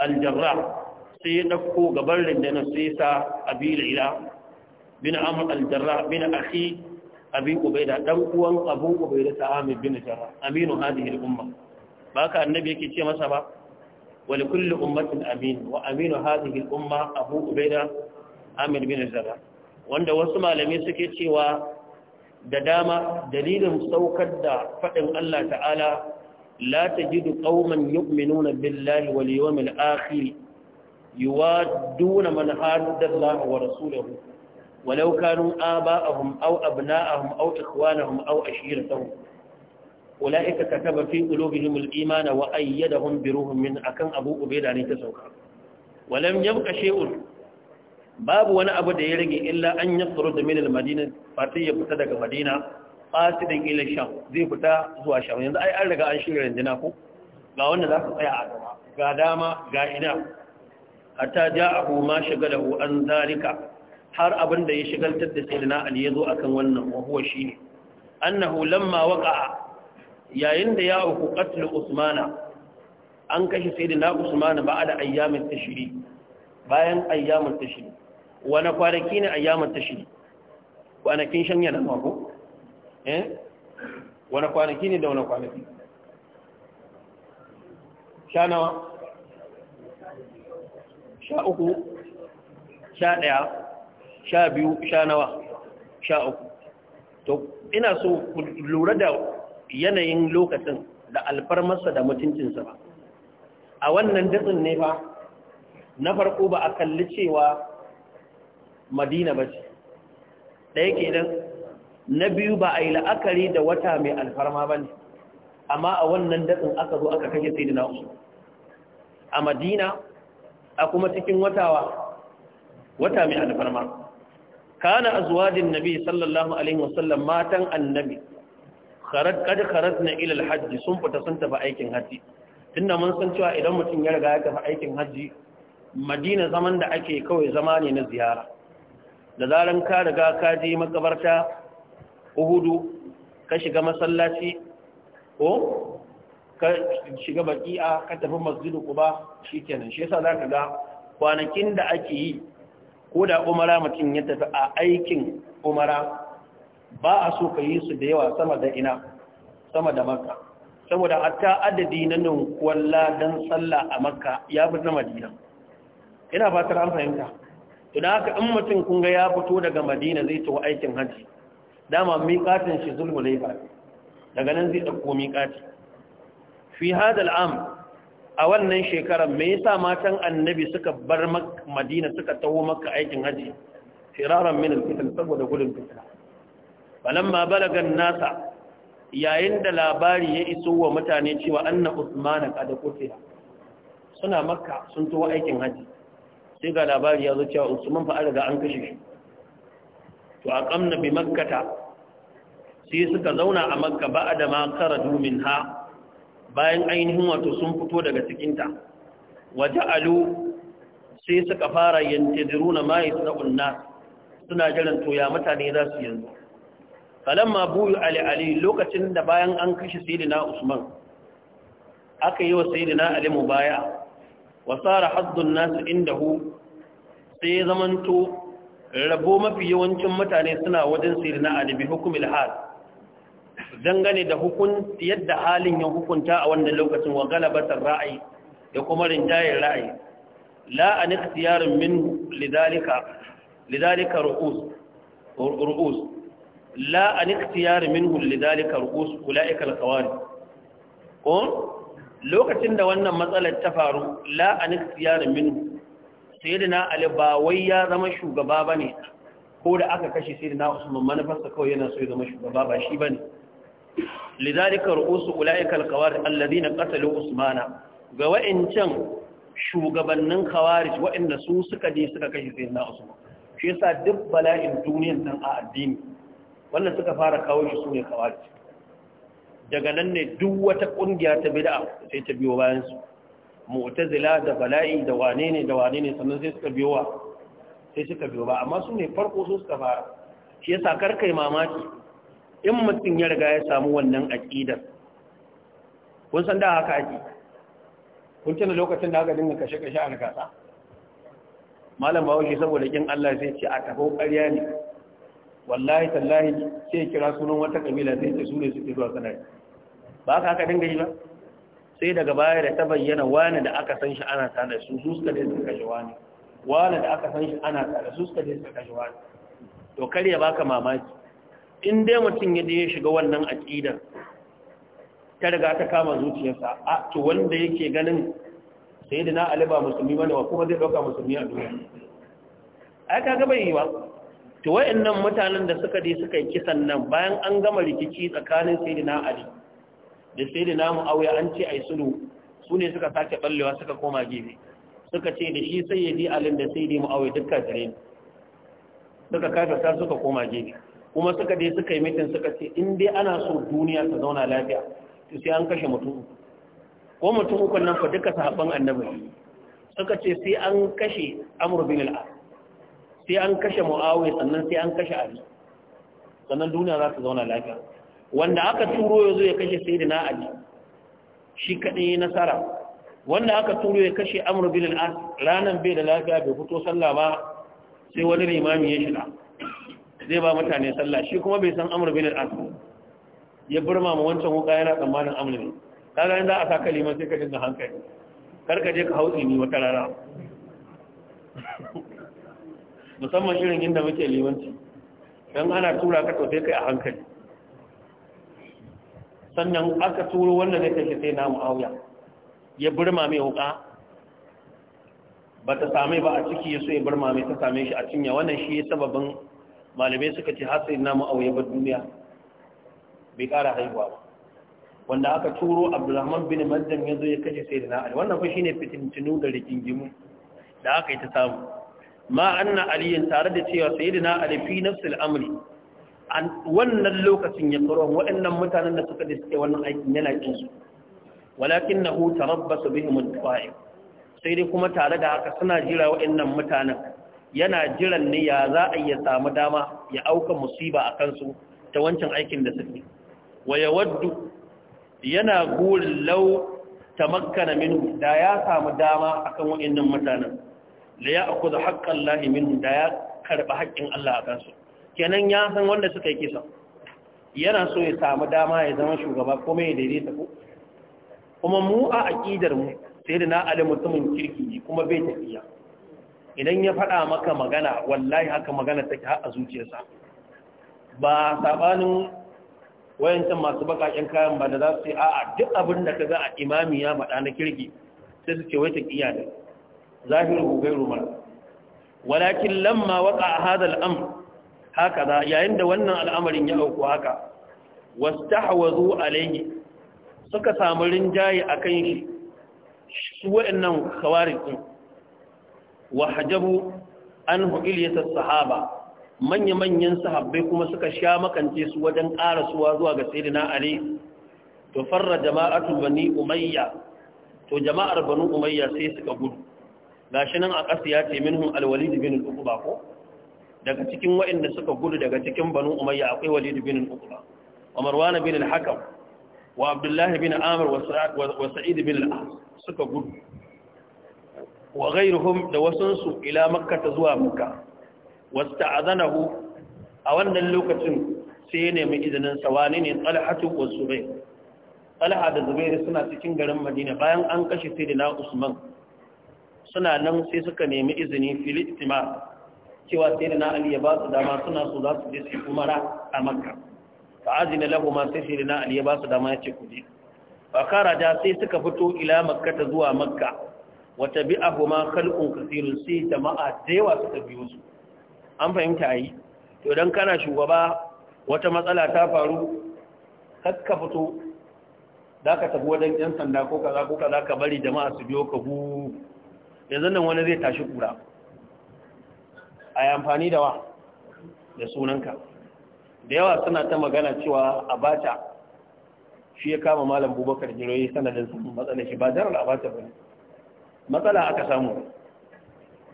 al-jarrah sai ya dauko gaban rindanar sai sa abi ila bin am al-jarrah bin akhi abi ubaida dan uwan abu ubaida ta amin bin jarra. aminu hadhihi al ba ka annabi yake ce masa ba Wani kulle ummatin amin wa aminu hadhihi al-umma abu ubaida amir bin jarra. wanda wasu malamai suke cewa da dama dalilin saukar da faɗin Allah ta'ala la tajidu qauman yu'minuna billahi wal yawmil akhir yuwadduna man hadda Allah wa rasulahu walau kanu aba'ahum aw abna'ahum ashirin ikhwanahum aw ita ka kataba fi qulubihim al imana wa ayyada bi ruhin min akan abu ubeda ne ta sauka walam yamka shay'un babu wani abu da ya rage illa an yi tsoro da minal madina fatin ya fita daga madina fasidin ila sham zai fita zuwa sham yanzu ai an riga an shirya rindina ko ga wanda za su tsaya a gaba ga dama ga ina hatta ja abu ma shagalahu an zalika har abin da ya shigaltar da sayyidina ali yazo akan wannan wa huwa shine annahu lamma waqa yayin da ya uku qatl usmana an kashe sayyidina usmana ba'da ayyamin tashri bayan ayyamin tashri wani kwanaki ne a yaman tashi kwanakin shan na mako eh wani kwanaki ne da wani kwanaki sha nawa sha uku sha ɗaya sha biyu sha nawa sha uku to ina so lura da yanayin lokacin da alfarmarsa da mutuncinsa ba a wannan datsin ne ba na farko ba a kalli cewa madina ba ce ɗaya kenan na biyu ba a yi la'akari da wata mai alfarma ba ne amma a wannan datsin aka zo aka kashe sai da a madina a kuma cikin watawa wata mai alfarma kana din nabi sallallahu alaihi wasallam matan annabi kharaj kad na ila alhajj sun fita sun tafi aikin haji tunda mun san cewa idan mutum ya riga ya tafi aikin haji madina zaman da ake kawai zama ne na ziyara da zaran ka riga ka je makabarta uhudu ka shiga masallaci ko ka shiga baki'a ka tafi masjidu quba shikenan shi yasa ka ga kwanakin da ake yi ko da umara mutum ya tafi a aikin umara ba a so ka yi su da yawa sama da ina sama da makka saboda hatta adadi na nan don sallah a makka ya bi na madina ina fatar an fahimta to da haka in mutum kun ga ya fito daga madina zai tafi aikin hajji dama miƙatin shi laifa daga nan zai ɗauko miƙati fi hadal am a wannan shekarar me yasa matan annabi suka bar madina suka taho maka aikin hajji firaran min alfitan saboda gudun fitina falamma balagan nasa yayin da labari ya iso wa mutane cewa anna usmana kada kutiya suna makka sun taho aikin hajji sai ga labari ya zo cewa usman fa an riga an kashe shi to aqamna bi makkata sai suka zauna a makka ba'da ma karadu minha bayan ainihin wato sun fito daga cikin ta waja'alu sai suka fara yantaziruna ma yasna'un nas suna jiran to ya mutane za su yanzu falamma buyu ali ali lokacin da bayan an kashe sayyidina usman aka yi wa sayyidina ali mubaya wasara haddun nasu hu. sai ya zamanto rabo mafi yawancin mutane suna wajen siri na alibi hukumil hal dangane da hukun yadda halin ya hukunta a wannan lokacin wa galabatar ra'ayi da kuma rinjayen ra'ayi la an min lidalika lidalika ru'us ru'us la an ikhtiyarin minhu ru'us ulaika al lokacin da wannan matsalar ta faru la'anis siyar minu sai da na wai ya zama shugaba ba ne ko da aka kashe sai da na usman manufarsa kawai yana so ya zama shugaba ba shi ba ne lidarika ru'usu ula'ikal kawar allazi na ƙasali usmana ga wa'incan shugabannin kawarij wa'inda su suka je suka kashe sai da na usman shi yasa duk bala'in duniyar nan a addini wannan suka fara kawo shi su ne kawarij daga nan ne duk wata ƙungiya ta bid'a sai ta biyo bayan su mu'tazila da bala'i da wane ne da wane ne sannan sai suka biyo wa sai suka biyo ba amma su ne farko su suka fara shi yasa kar kai mamaki in mutum ya riga ya samu wannan aqida kun san da haka ake kun tana lokacin da aka dinga kashe kashe a gasa malam bawo shi saboda kin Allah sai ce a tafi ƙarya ne wallahi tallahi sai kira sunan wata kabila sai ta sune su zuwa sanar ba ka aka dinga yi ba sai daga baya da ta bayyana wani da aka san shi ana tare su su suka dace suka kashe wani wani da aka san shi ana tare su suka dace suka kashe wani to kare baka mamaki in dai mutum ya je shiga wannan aqidar ta riga ta kama zuciyarsa a to wanda yake ganin sayyidina ali ba musulmi bane wa kuma zai dauka musulmi a duniya ai kaga bai yi ba to wayannan mutanen da suka je suka yi kisan nan bayan an gama rikici tsakanin sayyidina ali da sayyidina muawiya an ce ai sulu Sune suka sake ballewa suka koma gefe suka ce da shi sayyidi ali da sayyidi muawiya duka tare ne suka kafa sa suka koma gefe kuma suka je suka yi mitin suka ce in dai ana so duniya ta zauna lafiya to sai an kashe mutum ko mutum ukun nan fa duka sahabban annabi suka ce sai an kashe amr bin al-as sai an kashe mu'awai sannan sai an kashe ali sannan duniya za ta zauna lafiya wanda aka turo ya zo ya kashe sai da na ali shi kaɗai nasara wanda aka turo ya kashe Amurbin bin al'as ranar bai da lafiya bai fito sallah ba sai wani limami ya shiga zai ba mutane sallah shi kuma bai san Amurbin bin al'as ya burma ma wancan wuka yana tsammanin amur ne kaga za a saka liman sai ka dinga hankali ka je ka hautsi ni wata rana musamman irin inda muke limanci don ana tura ka tautai kai a hankali sannan aka turo wanda zai kashe sai na mu'awiya ya birma mai wuka ba ta same ba a ciki ya so ya birma mai ta same shi a cinya wannan shi ya sababin malamai suka ce hasa na mu'awiya ba duniya bai kara haihuwa ba wanda aka turo abdulrahman bin mazdam ya zo ya kashe sai na ali wannan fa shine fitintinu da jimu da aka yi ta samu ma anna aliyin tare da cewa sayyidina ali fi nafsil amri an wannan lokacin ya tsoro waɗannan mutanen da suka dace wannan aikin yana kin su walakinahu tarabbasu bihim al-qa'im sai dai kuma tare da haka suna jira waɗannan mutanen yana jiran ne ya za a iya samu dama ya auka musiba a kansu ta wancan aikin da suke wa yana gurin lau tamakkana minhu da ya samu dama akan waɗannan mutanen la ya akuza haƙƙan lahi da ya karɓi haƙƙin Allah a kansu kenan ya san wanda suka yi kisa yana so ya samu dama ya zama shugaba ko mai daidaita ko kuma mu a aƙidar mu sai da na ali mutumin kirki ne kuma bai tafiya idan ya faɗa maka magana wallahi haka magana take har a zuciyarsa ba sabanin wayancan masu bakakin kayan ba da za su yi a'a duk abin da ka ga a imami ya faɗa na kirki sai su ce wai ta kiyaye zahiru gairu mara walakin lamma waka a hadal amur haka za yayin da wannan al'amarin ya auku haka wasta hawazu alayhi suka samu rinjaye a kan shi su wayannan kawarikin wa hajjabu an hu'iliyar sahaba manya-manyan sahabbai kuma suka sha makance su wajen ƙara suwa zuwa ga na ali to farra jama'atu bani umayya to jama'ar bani umayya sai suka gudu gashi nan a ƙasa ya ce minhum alwalid bin al-uqba ko daga cikin waɗanda suka gudu daga cikin banu umayya akwai walid bin al-uqba wa marwan bin al-hakam wa abdullah bin amr wa sa'id wa sa'id bin al-as suka gudu wa ghayruhum da su ila makka ta zuwa makka wasta'adhanahu a wannan lokacin sai ya nemi izinin sa wani ne talhatu wa zubair talha da zubair suna cikin garin madina bayan an kashe sayyidina usman suna nan sai suka nemi izini filistima cewa sai da na ali ya ba su dama suna so za su je su umara a makka fa azina lahu ma sai da na ali ya ba su dama ya ce ku je fa karaja sai suka fito ila makka ta zuwa makka wa tabi'ahu ma khalqun kathirun sai jama'a da yawa suka biyo su an fahimta ayi to dan kana shugaba wata matsala ta faru kakka fito za ka tafi wajen 'yan sanda ko kaza ko kaza ka bari jama'a su biyo ka bu yanzu nan wani zai tashi kura a yi amfani da wa da sunanka da yawa suna ta magana cewa abacha shi ya kama malam bubakar jiroyi sanadin samun matsala shi ba jarar abacha ba ne matsala aka samu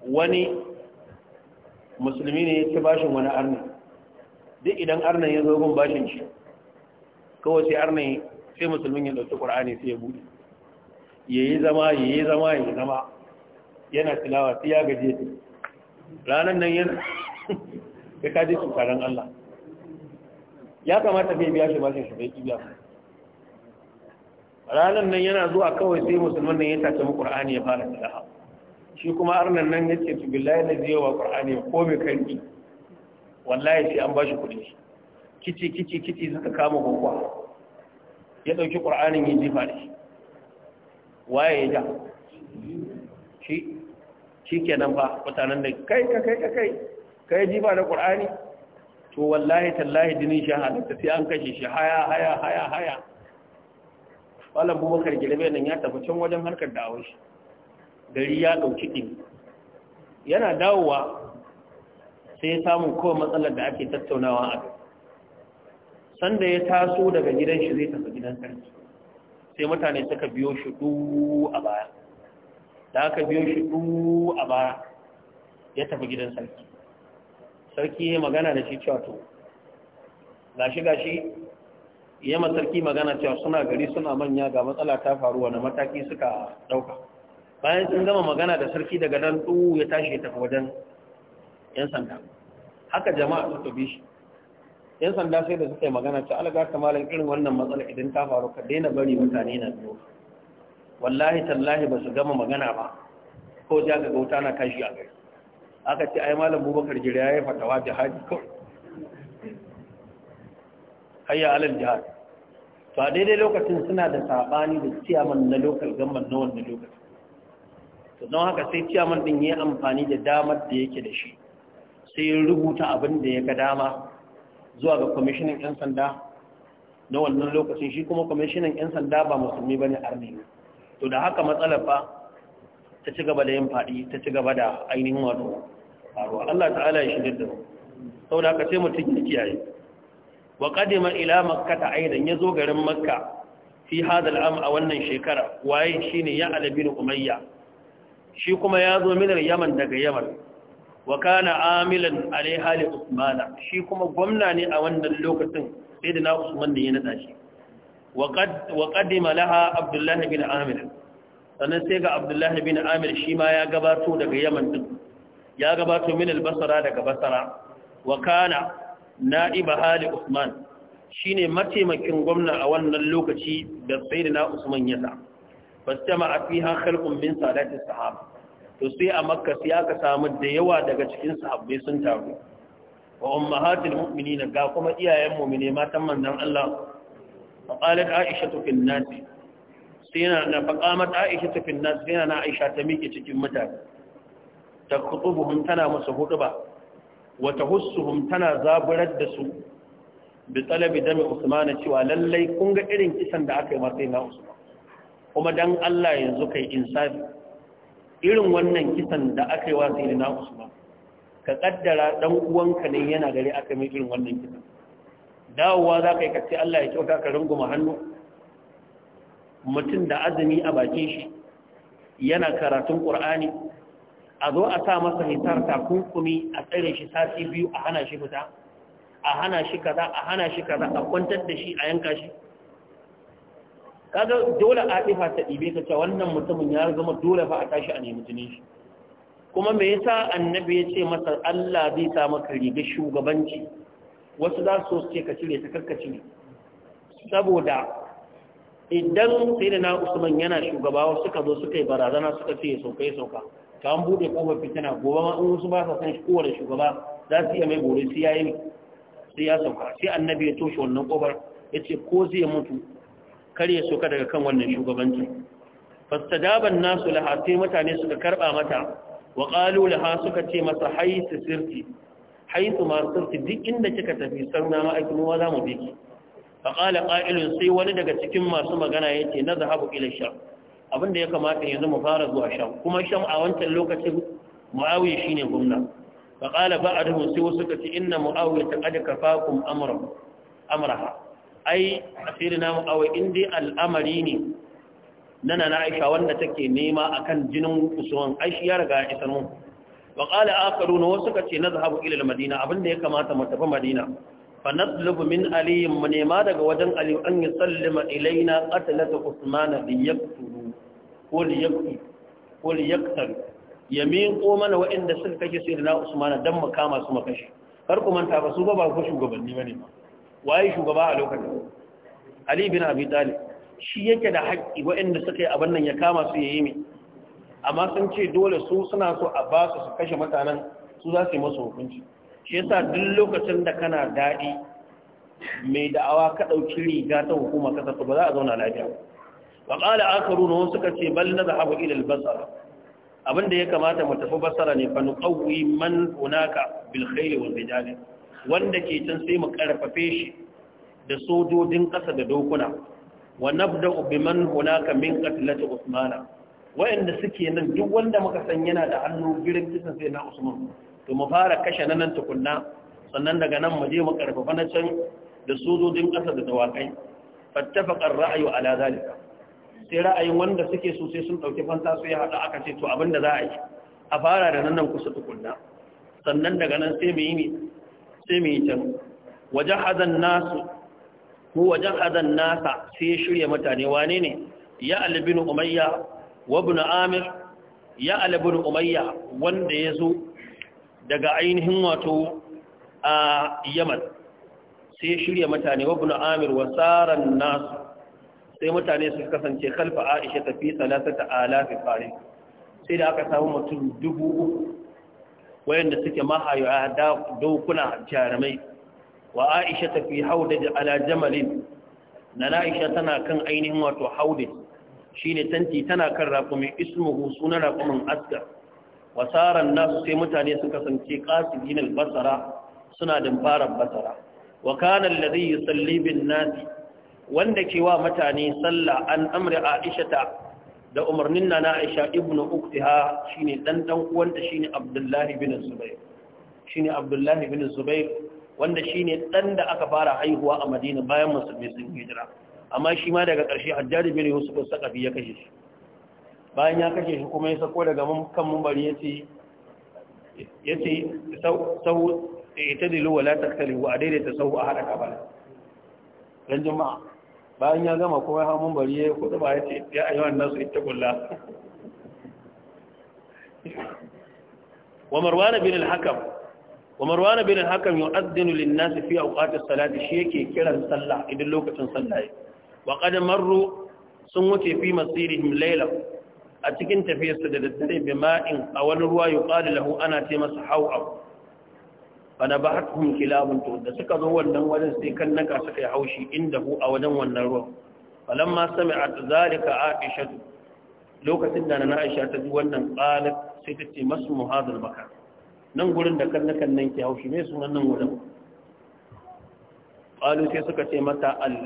wani musulmi ne ta bashin wani arna duk idan arna ya zo gun bashin shi kawai sai arnin sai musulmin ya ɗauki ƙwar'ani sai ya buɗe ya yi zama ya yi zama ya yi zama yana tilawa sai ya gaje ta ranar nan yana ka kaji tukaran Allah ya kamata mai biya shi bashin shi bai biya ranar nan yana zuwa kawai sai musulman nan ya tace mu Qur'ani ya fara tilawa shi kuma arnan nan yace to billahi la ziyawa Qur'ani ya kome kanki wallahi sai an bashi kuɗi kici kici kici suka kama gwagwa ya ɗauki ƙur'anin ya jifa da shi waye ya ja shi nan fa mutanen da kai ka kai ka kai kai ji ba da ƙur'ani? to wallahi tallahi jinin shi halatta sai an kashe shi haya haya haya haya wala bubakar gilbe nan ya tafi can wajen harkar da'awar shi gari ya ɗauki ɗin yana dawowa sai ya samu kowa matsalar da ake tattaunawa a kai sanda ya taso daga gidan shi zai tafi gidan sarki sai mutane suka biyo shi a baya da aka biyo shi du a bara ya tafi gidan sarki sarki ya magana da shi cewa to gashi gashi ya ma sarki magana cewa suna gari suna manya ga matsala ta faru wani mataki suka dauka bayan sun gama magana da sarki daga dan du ya tashi ya tafi wajen yan sanda haka jama'a suka bi shi yan sanda sai da suka yi magana ta alaga kamalan irin wannan matsala idan ta faru ka daina bari mutane na biyo wallahi tallahi ba su gama magana ba ko ja ga gauta na kashi a gari aka ce ai malam bubakar jira ya yi fatawa jihadi ko hayya alal jihad to a daidai lokacin suna da sabani da ciyaman na lokal gamban na wannan lokacin to don haka sai ciyaman din ya amfani da damar da yake da shi sai ya rubuta abin da ya ga dama zuwa ga kwamishinan 'yan sanda na wannan lokacin shi kuma kwamishinan 'yan sanda ba musulmi ba ne to da haka matsalar fa ta ci gaba da yin faɗi ta ci gaba da ainihin wato faruwa Allah ta'ala ya shirya da Sau da haka sai mutum ya kiyaye wa kadima ila makkata aidan yazo garin makka fi hada am a wannan shekara waye shine ya alabin umayya shi kuma yazo minar yaman daga yaman wa kana amilan alai hali usmana shi kuma gwamna ne a wannan lokacin sai da na usman ne ya nada shi wa qaddima laha abdullahi bin amir sannan sai ga abdullahi bin amir shi ma ya gabato daga yaman din ya gabato min al daga basara. wa kana na'iba hali usman shine mataimakin gwamna a wannan lokaci da na usman ya sa fastama a fiha khalqun min sadati sahaba to sai a makka sai aka samu da yawa daga cikin sahabbai sun taru wa ummahatul mu'minina ga kuma iyayen mu'mine matan manzon Allah فقالت عائشة في الناس سينا فقامت عائشة في الناس سينا عائشة تميك Wata تخطبهم تنا مسهوطبا وتهسهم تنا زابرد bi بطلب دم عثمان cewa lallai kun ga irin kisan da aka yi masa na Usman kuma don Allah yanzu kai insafi irin wannan kisan da aka yi wa sai na Usman ka kaddara dan uwanka ne yana gare aka mai irin wannan kisan dawowa za ka yi kacce Allah ya kyauta ka runguma hannu mutum da azumi a bakin shi yana karatun ƙur'ani a zo a sa masa hitar takunkumi a tsare shi sati biyu a hana shi fita a hana shi kaza a hana shi kaza a kwantar da shi a yanka shi kaga dole a ɗifa ta ɗibe ka ce wannan mutumin ya zama dole fa a tashi a nemi jinin shi kuma me yasa annabi ya ce masa Allah zai sa maka riga shugabanci wasu za su ce ka cire ta karkaci ne saboda idan sai da na usman yana shugaba suka zo suka yi barazana suka ce ya sauka ya sauka ka an buɗe ƙofar fitina gobe ma in wasu ba sa san kowane shugaba za su iya mai sai ya yi sai ya sauka sai annabi ya toshe wannan kofar ya ce ko zai mutu kar ya sauka daga kan wannan shugabanci fastadaban nasu laha sai mutane suka karɓa mata wa qalu laha suka ce masa hai sirti haitu masu sirti duk inda kika tafi sanna ma aikin wa za mu bi ki fa qala qa'ilun sai wani daga cikin masu magana yake na zahabu ila sham Abinda ya kamata yanzu mu fara zuwa sham kuma sham a wancan lokacin muawiya shine gwamna fa qala ba'dahu sai wasu kace inna muawiya ta qad kafakum amran amraha ai asirina muawiya indai al'amari ne nana na aisha wanda take nema akan jinin usman aisha ya riga ya isar mu. wa qala akharun wasu ka ce nazhabu ila al-madina abinda ya kamata mu tafi madina fa natlubu min ali nema daga wajen ali an yusallima ilaina qatlata usman bi yaqtulu ko li yaqtulu ko li yaqtulu yamin ko usman dan mu kar ku manta ba su ba ba ko shugabanni bane ba waye shugaba a lokacin ali bin abi talib shi yake da haƙƙi waɗanda suka yi abin nan ya kama su yayi mai amma sun ce dole su suna so a ba su kashe mutanen su za su yi masu hukunci shi yasa duk lokacin da kana daɗi mai da'awa ka ɗauki riga ta hukuma ka ba za a zauna lafiya ba? ƙala akaru na wasu suka ce bal na zahabu ilil basara abinda ya kamata mu tafi basara ne fa nuqawwi man hunaka bil khayl wal rijal wanda ke can sai mu karfafe shi da sojojin ƙasa da dokuna wa nabda'u biman hunaka min qatlati usmana wayanda suke nan duk wanda muka san yana da hannu birin kisan sai na usman to mu fara kashe na nan tukunna sannan daga nan mu je mu karfafa na can da sojojin ƙasa da dawakai fattafaqar ra'ayu ala zalika sai ra'ayin wanda suke so sai sun dauki fansa su ya hada aka ce to abinda za a yi a fara da nan nan kusa tukunna sannan daga nan sai mu yi ne sai mu yi can wajahazan nasu ko nasa sai shirya mutane wane ne ya albinu umayya wa ibn amir ya alibin umayya wanda ya zo daga ainihin wato a yaman sai shirya mutane wa ibn amir wa tsaran nasu sai mutane su kasance kalfa aisha tafi talatata alafi fari. sai da aka samu mutum dubu uku wayanda suke mahaya da dokuna jarumai wa aisha tafi haudaj ala jamalin na aisha tana kan ainihin wato haudaj shine tanti tana kan raƙumi ismuhu sunan raƙumin aska. wasaran nasu sai mutane sun kasance qasidin basara suna dimfarar basara wa kana alladhi yusalli bin nasi wanda ke wa mutane sallah an amri aishata da umarnin na Aisha ibnu uktiha shine dan dan uwanta shine Abdullahi bin Zubair Abdullahi bin Zubair wanda shine ɗan da aka fara haihuwa a Madina bayan musulmi sun hijira amma shi ma daga ƙarshe hajjari bin yusuf sakafi ya kashe shi bayan ya kashe shi kuma ya sako daga kan mumbari ya ce ya ce sau ita eh, da luwa latakali wa a daidaita sau a haɗa kabala ɗan jama'a bayan ya gama kuma ya hamun bari ya kudu ba ya ce ya ayyuan nasu ita kulla wa marwana bin alhakam wa marwana bin alhakam hakam yu'addinu lin-nasi fi awqati as-salati shi yake kiran sallah idan lokacin sallah yake wa qad marru sun wuce fi masirihim layla a cikin tafiyarsa da daddare bi ma'in a wani ruwa yuqalu lahu ana ce masa hawab Bana ba hatkun kilabun to da suka zo wannan wajen sai kan naka suka yi haushi inda hu a wajen wannan ruwan falan ma sami a zalika aisha lokacin da na aisha ta ji wannan qalat sai ta ce masu muhadar baka nan gurin da kan nakan nan ke haushi me sunan nan wajen? qalu sai suka ce mata al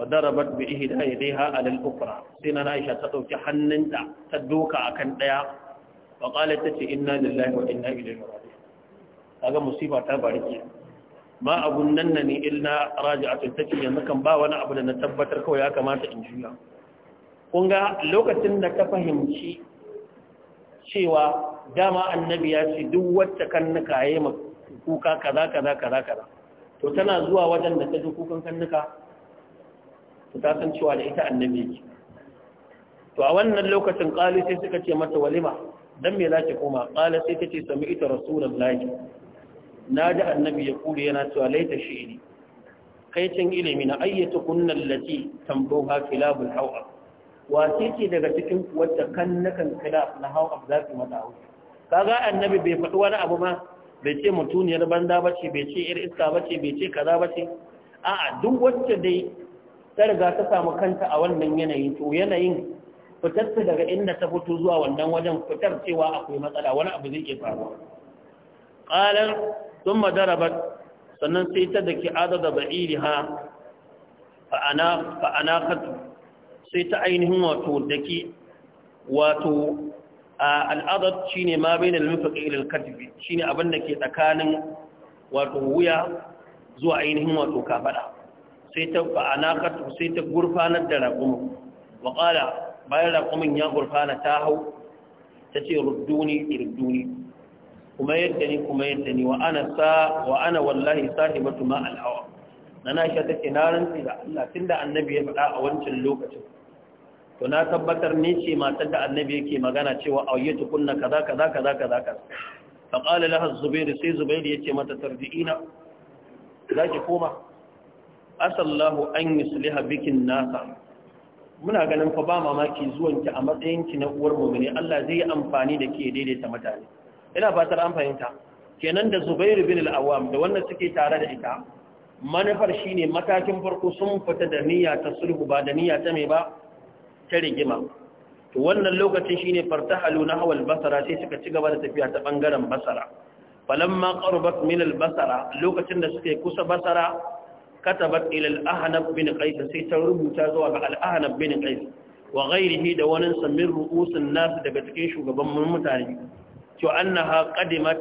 fadarabat bi ihda yadayha ala al-ukra sinan aisha ta dauki hannunta ta doka akan daya wa qalat ta ce inna lillahi wa inna ilaihi raji'un kaga musiba ta barke ma abun nan nani illa raji'atu take yanzu kan ba wani abu da na tabbatar kawai ya kamata in juya kun lokacin da ta fahimci cewa dama annabi ya ce duk wacce kan nuka yayi kuka kaza kaza kaza to tana zuwa wajen da ta ji kukan kan nuka to ta san cewa da ita annabi yake to a wannan lokacin qalu sai suka ce mata walima dan me zaki koma qala sai tace sami ita rasulullahi naji annabi ya kure yana cewa laita shi'ri kaicin ilimi na ayyatu kunnal lati tambuha kilabul hawa wace daga cikin wacce kan nakan kilab na hawa za su mata hawa kaga annabi bai faɗi wani abu ma bai ce mutuniyar banza bace bai ce ir iska bace bai ce kaza bace a'a duk wacce dai ta riga ta samu kanta a wannan yanayi to yanayin fitarta daga inda ta fito zuwa wannan wajen fitar cewa akwai matsala wani abu zai ke faruwa qalan thumma darabat sannan sai ta daki adada ba'iriha fa ana fa sai ta ainihin wato daki wato al'adad shine ma bainal mifaqi ila al-katbi shine abin da ke tsakanin wato wuya zuwa ainihin wato kafada sai ta fa'anakatu sai ta gurfanar da raƙumin waƙala bayan raƙumin ya gurfana ta hau ta ce rudduni irduni kuma yadda ni kuma yadda ni wa ana sa wa ana wallahi sahibatu ma alhawa na na shi take na rantsi da Allah tun da annabi ya faɗa a wancan lokacin to na tabbatar ni ce matar da annabi yake magana cewa a ayyatu kunna kaza kaza kaza kaza kaza fa qala laha az-zubair sai zubair mata tarji'ina Za ki koma asallahu an yusliha bikin nasa muna ganin fa ba mamaki zuwan a matsayin ki na uwar mu'mini Allah zai yi amfani da ke daidaita mutane ina fatar an fahimta kenan da Zubairu bin al-Awwam da wannan suke tare da ita manufar shine matakin farko sun fita da niyya ta sulhu ba da niyya ta me ba ta rigima to wannan lokacin shine fartahalu na hawal basara sai suka ci gaba da tafiya ta bangaren basara falamma qarabat min al-basara lokacin da suke kusa basara katabat ila al-ahnab bin qais sai ta rubuta zuwa ga al-ahnab bin qais wa ghairihi da wannan samir ru'usun nasu daga cikin shugabannin mutane cewa annaha qadimat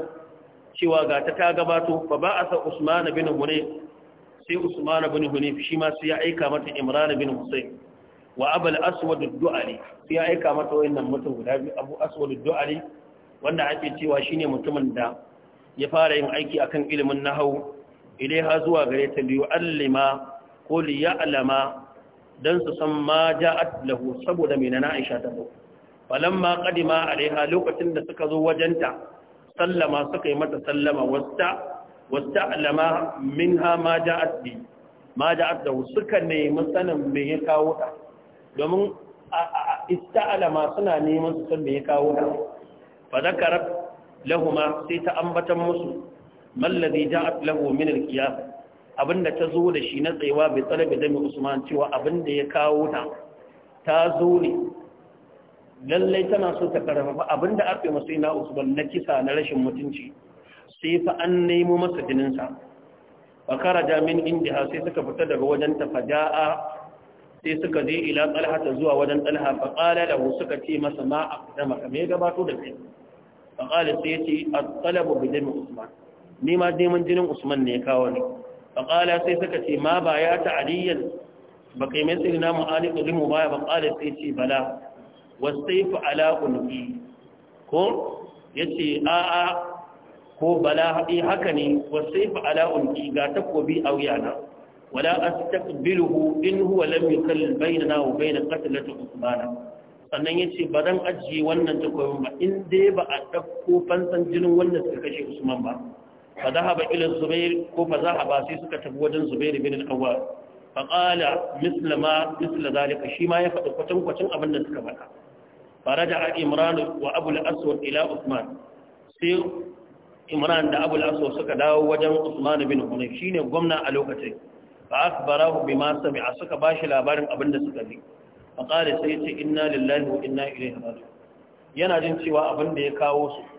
cewa ga ta ta gabato fa ba'atha usman bin hunayf sai usman bin hunayf shi ma sai ya aika mata imran bin husayn wa abul aswad ad-du'ali sai ya aika mata wayannan mutum guda biyu abu aswad ad-du'ali wanda ake cewa shine mutumin da ya fara yin aiki akan ilimin nahwu ilaiha zuwa gare ta biyu allima ko liya'lama dan su san ma ja'at lahu saboda me na Aisha ta zo falamma qadima alaiha lokacin da suka zo wajenta sallama suka yi mata sallama wasta min ha ma ja'at bi ma ja'at lahu suka nemi sanin me ya kawo ta domin a ista alama suna neman su san me ya kawo ta fa zakarat lahuma sai ta ambatan musu mallazi ja'at lahu min minar qiyas abinda ta zo da shi na tsayawa bai tsalabe da Usman cewa abinda ya kawo ta ta zo ne lallai tana so ta karfafa abinda aka masa ina Usman na kisa na rashin mutunci sai fa an nemo masa jinin sa fa kharaja min sai suka fita daga wajen ta faja'a sai suka je ila tsalha ta zuwa wajen tsalha. fa qala lahu suka ce masa ma aqdama me gabato da kai fa qala sai yace at-talabu bi dami usman ni ma neman jinin usman ne ya kawo ne. faƙala sai suka ce ma ba ya ta aliyyar ba kai mai tsiri na mu'ali ƙulimu ba ya ƙala sai ce bala wasaifu ala ƙulki ko ya ce a'a ko bala haɗi haka ne wasaifu ala ƙulki ga takobi a wuyana wala a astaqbiluhu in huwa lam yukallil bainana wa bain qatlati usmana sannan ya ce ba zan ajiye wannan takobin ba in dai ba a ɗauko fansan jinin wannan suka kashe usman ba fa zahaba ila zubair ko fa zahaba sai suka tafi wajen zubair bin al-awwal fa qala misla ma misla shi ma ya faɗi kwatan abin da suka faɗa fa raja'a imran wa abul ila usman sai imran da abul suka dawo wajen usman bin hunayf shine gwamna a lokacin fa akhbarahu bima sami'a suka bashi labarin abin da suka sai inna yana jin cewa abin da ya kawo su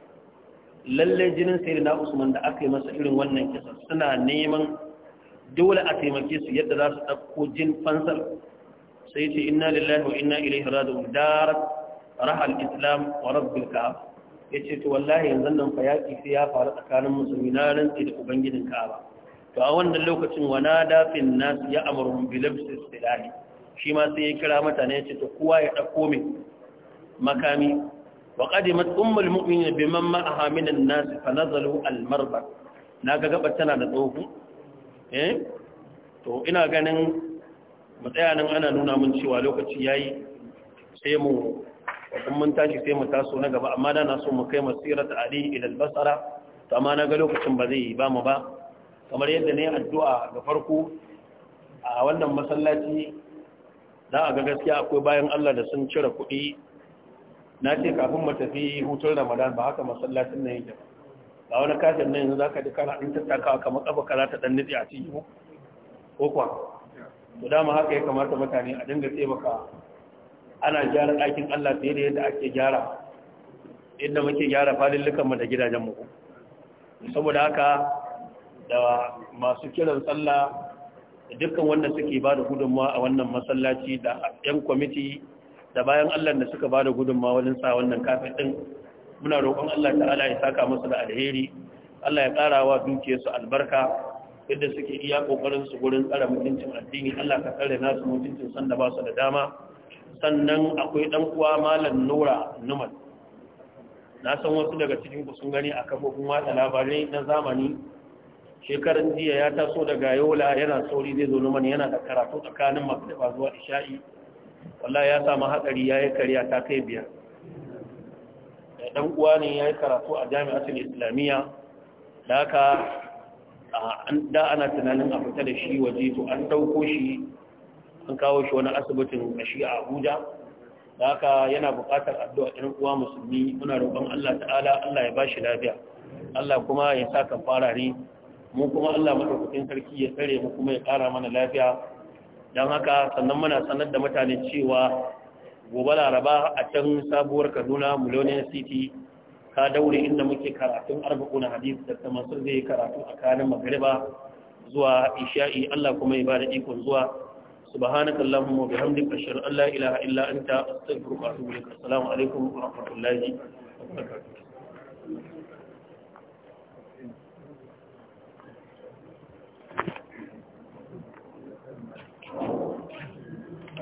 lalle jinin na Usman da aka yi masa irin wannan kisa suna neman dole a taimake su yadda za su dauko jin fansar sai ce inna lillahi wa inna ilaihi raji'un darat rahal islam wa rabbil ka'aba yace to wallahi yanzu nan fa yaki sai ya faru tsakanin musulmi na rantsi da ubangijin ka'aba to a wannan lokacin wana dafin nas ya amurhum bi labsi silahi shi ma sai ya kira mutane yace to kowa ya dauko min makami وقدمت أم المؤمنين بمن معها من الناس فنزلوا المربع ناقا قبتنا da إيه to ina ganin tsaya matsayanin ana nuna mun cewa lokaci yayi sai mu kun tashi sai mu taso na gaba amma da na so mu kai masirat ali ila al-basra to amma na ga lokacin ba zai yi ba mu ba kamar yadda na yi addu'a ga farko a wannan masallaci za a ga gaskiya akwai bayan Allah da sun cire kuɗi na ce kafin mu tafi hutun ramadan ba haka masallacin nan yake ba wani kafin nan yanzu zaka ji kana in tattakawa kamar kafa kaza ta dan nufi a ciki ko kwa to dama haka ya kamata mutane a dinga taimaka ana gyara ɗakin Allah fiye da yadda ake gyara inda muke gyara falillukan mu da gidajen mu saboda haka da masu kiran sallah da dukkan wanda suke ba da gudunmawa a wannan masallaci da 'yan kwamiti da bayan Allah da suka bada gudunmawa wajen sa wannan kafin din muna roƙon Allah ta'ala ya saka musu da alheri Allah ya ƙara wa dukiyarsu albarka yadda suke iya ƙoƙarin su gurin tsara mutuncin addini Allah ka tsare nasu mutuncin sanda ba su da dama sannan akwai dan uwa malam Nura Numan na san wasu daga cikin ku sun gani a kafofin watsa labarai na zamani shekaran jiya ya taso daga Yola yana sauri zai zo Numan yana da karatu tsakanin magriba zuwa Isha'i wallahi ya samu hatsari ya yi kariya ta kai biyar da Ɗan uwa ne ya yi karatu a jami'atul islamiyya da aka da ana tunanin a fita da shi waje to an ɗauko shi an kawo shi wani asibitin a shi a abuja da aka yana buƙatar addu'a ɗan uwa musulmi muna roƙon allah ta'ala allah ya ba shi lafiya allah kuma ya sa ka fara ne mu kuma allah maɗaukakin sarki ya tsare mu kuma ya ƙara mana lafiya don haka sannan muna sanar da mutane cewa gobe laraba a can sabuwar kaduna millionaire city ka daure inda muke karatun arba'una hadith da sun zai karatu a kanin magariba zuwa isha'i allah kuma ya bada ikon zuwa subhanaka allahumma bihamdika ashhadu an la ilaha illa anta astaghfiruka wa atubu ilaik assalamu alaikum wa rahmatullahi wa barakatuh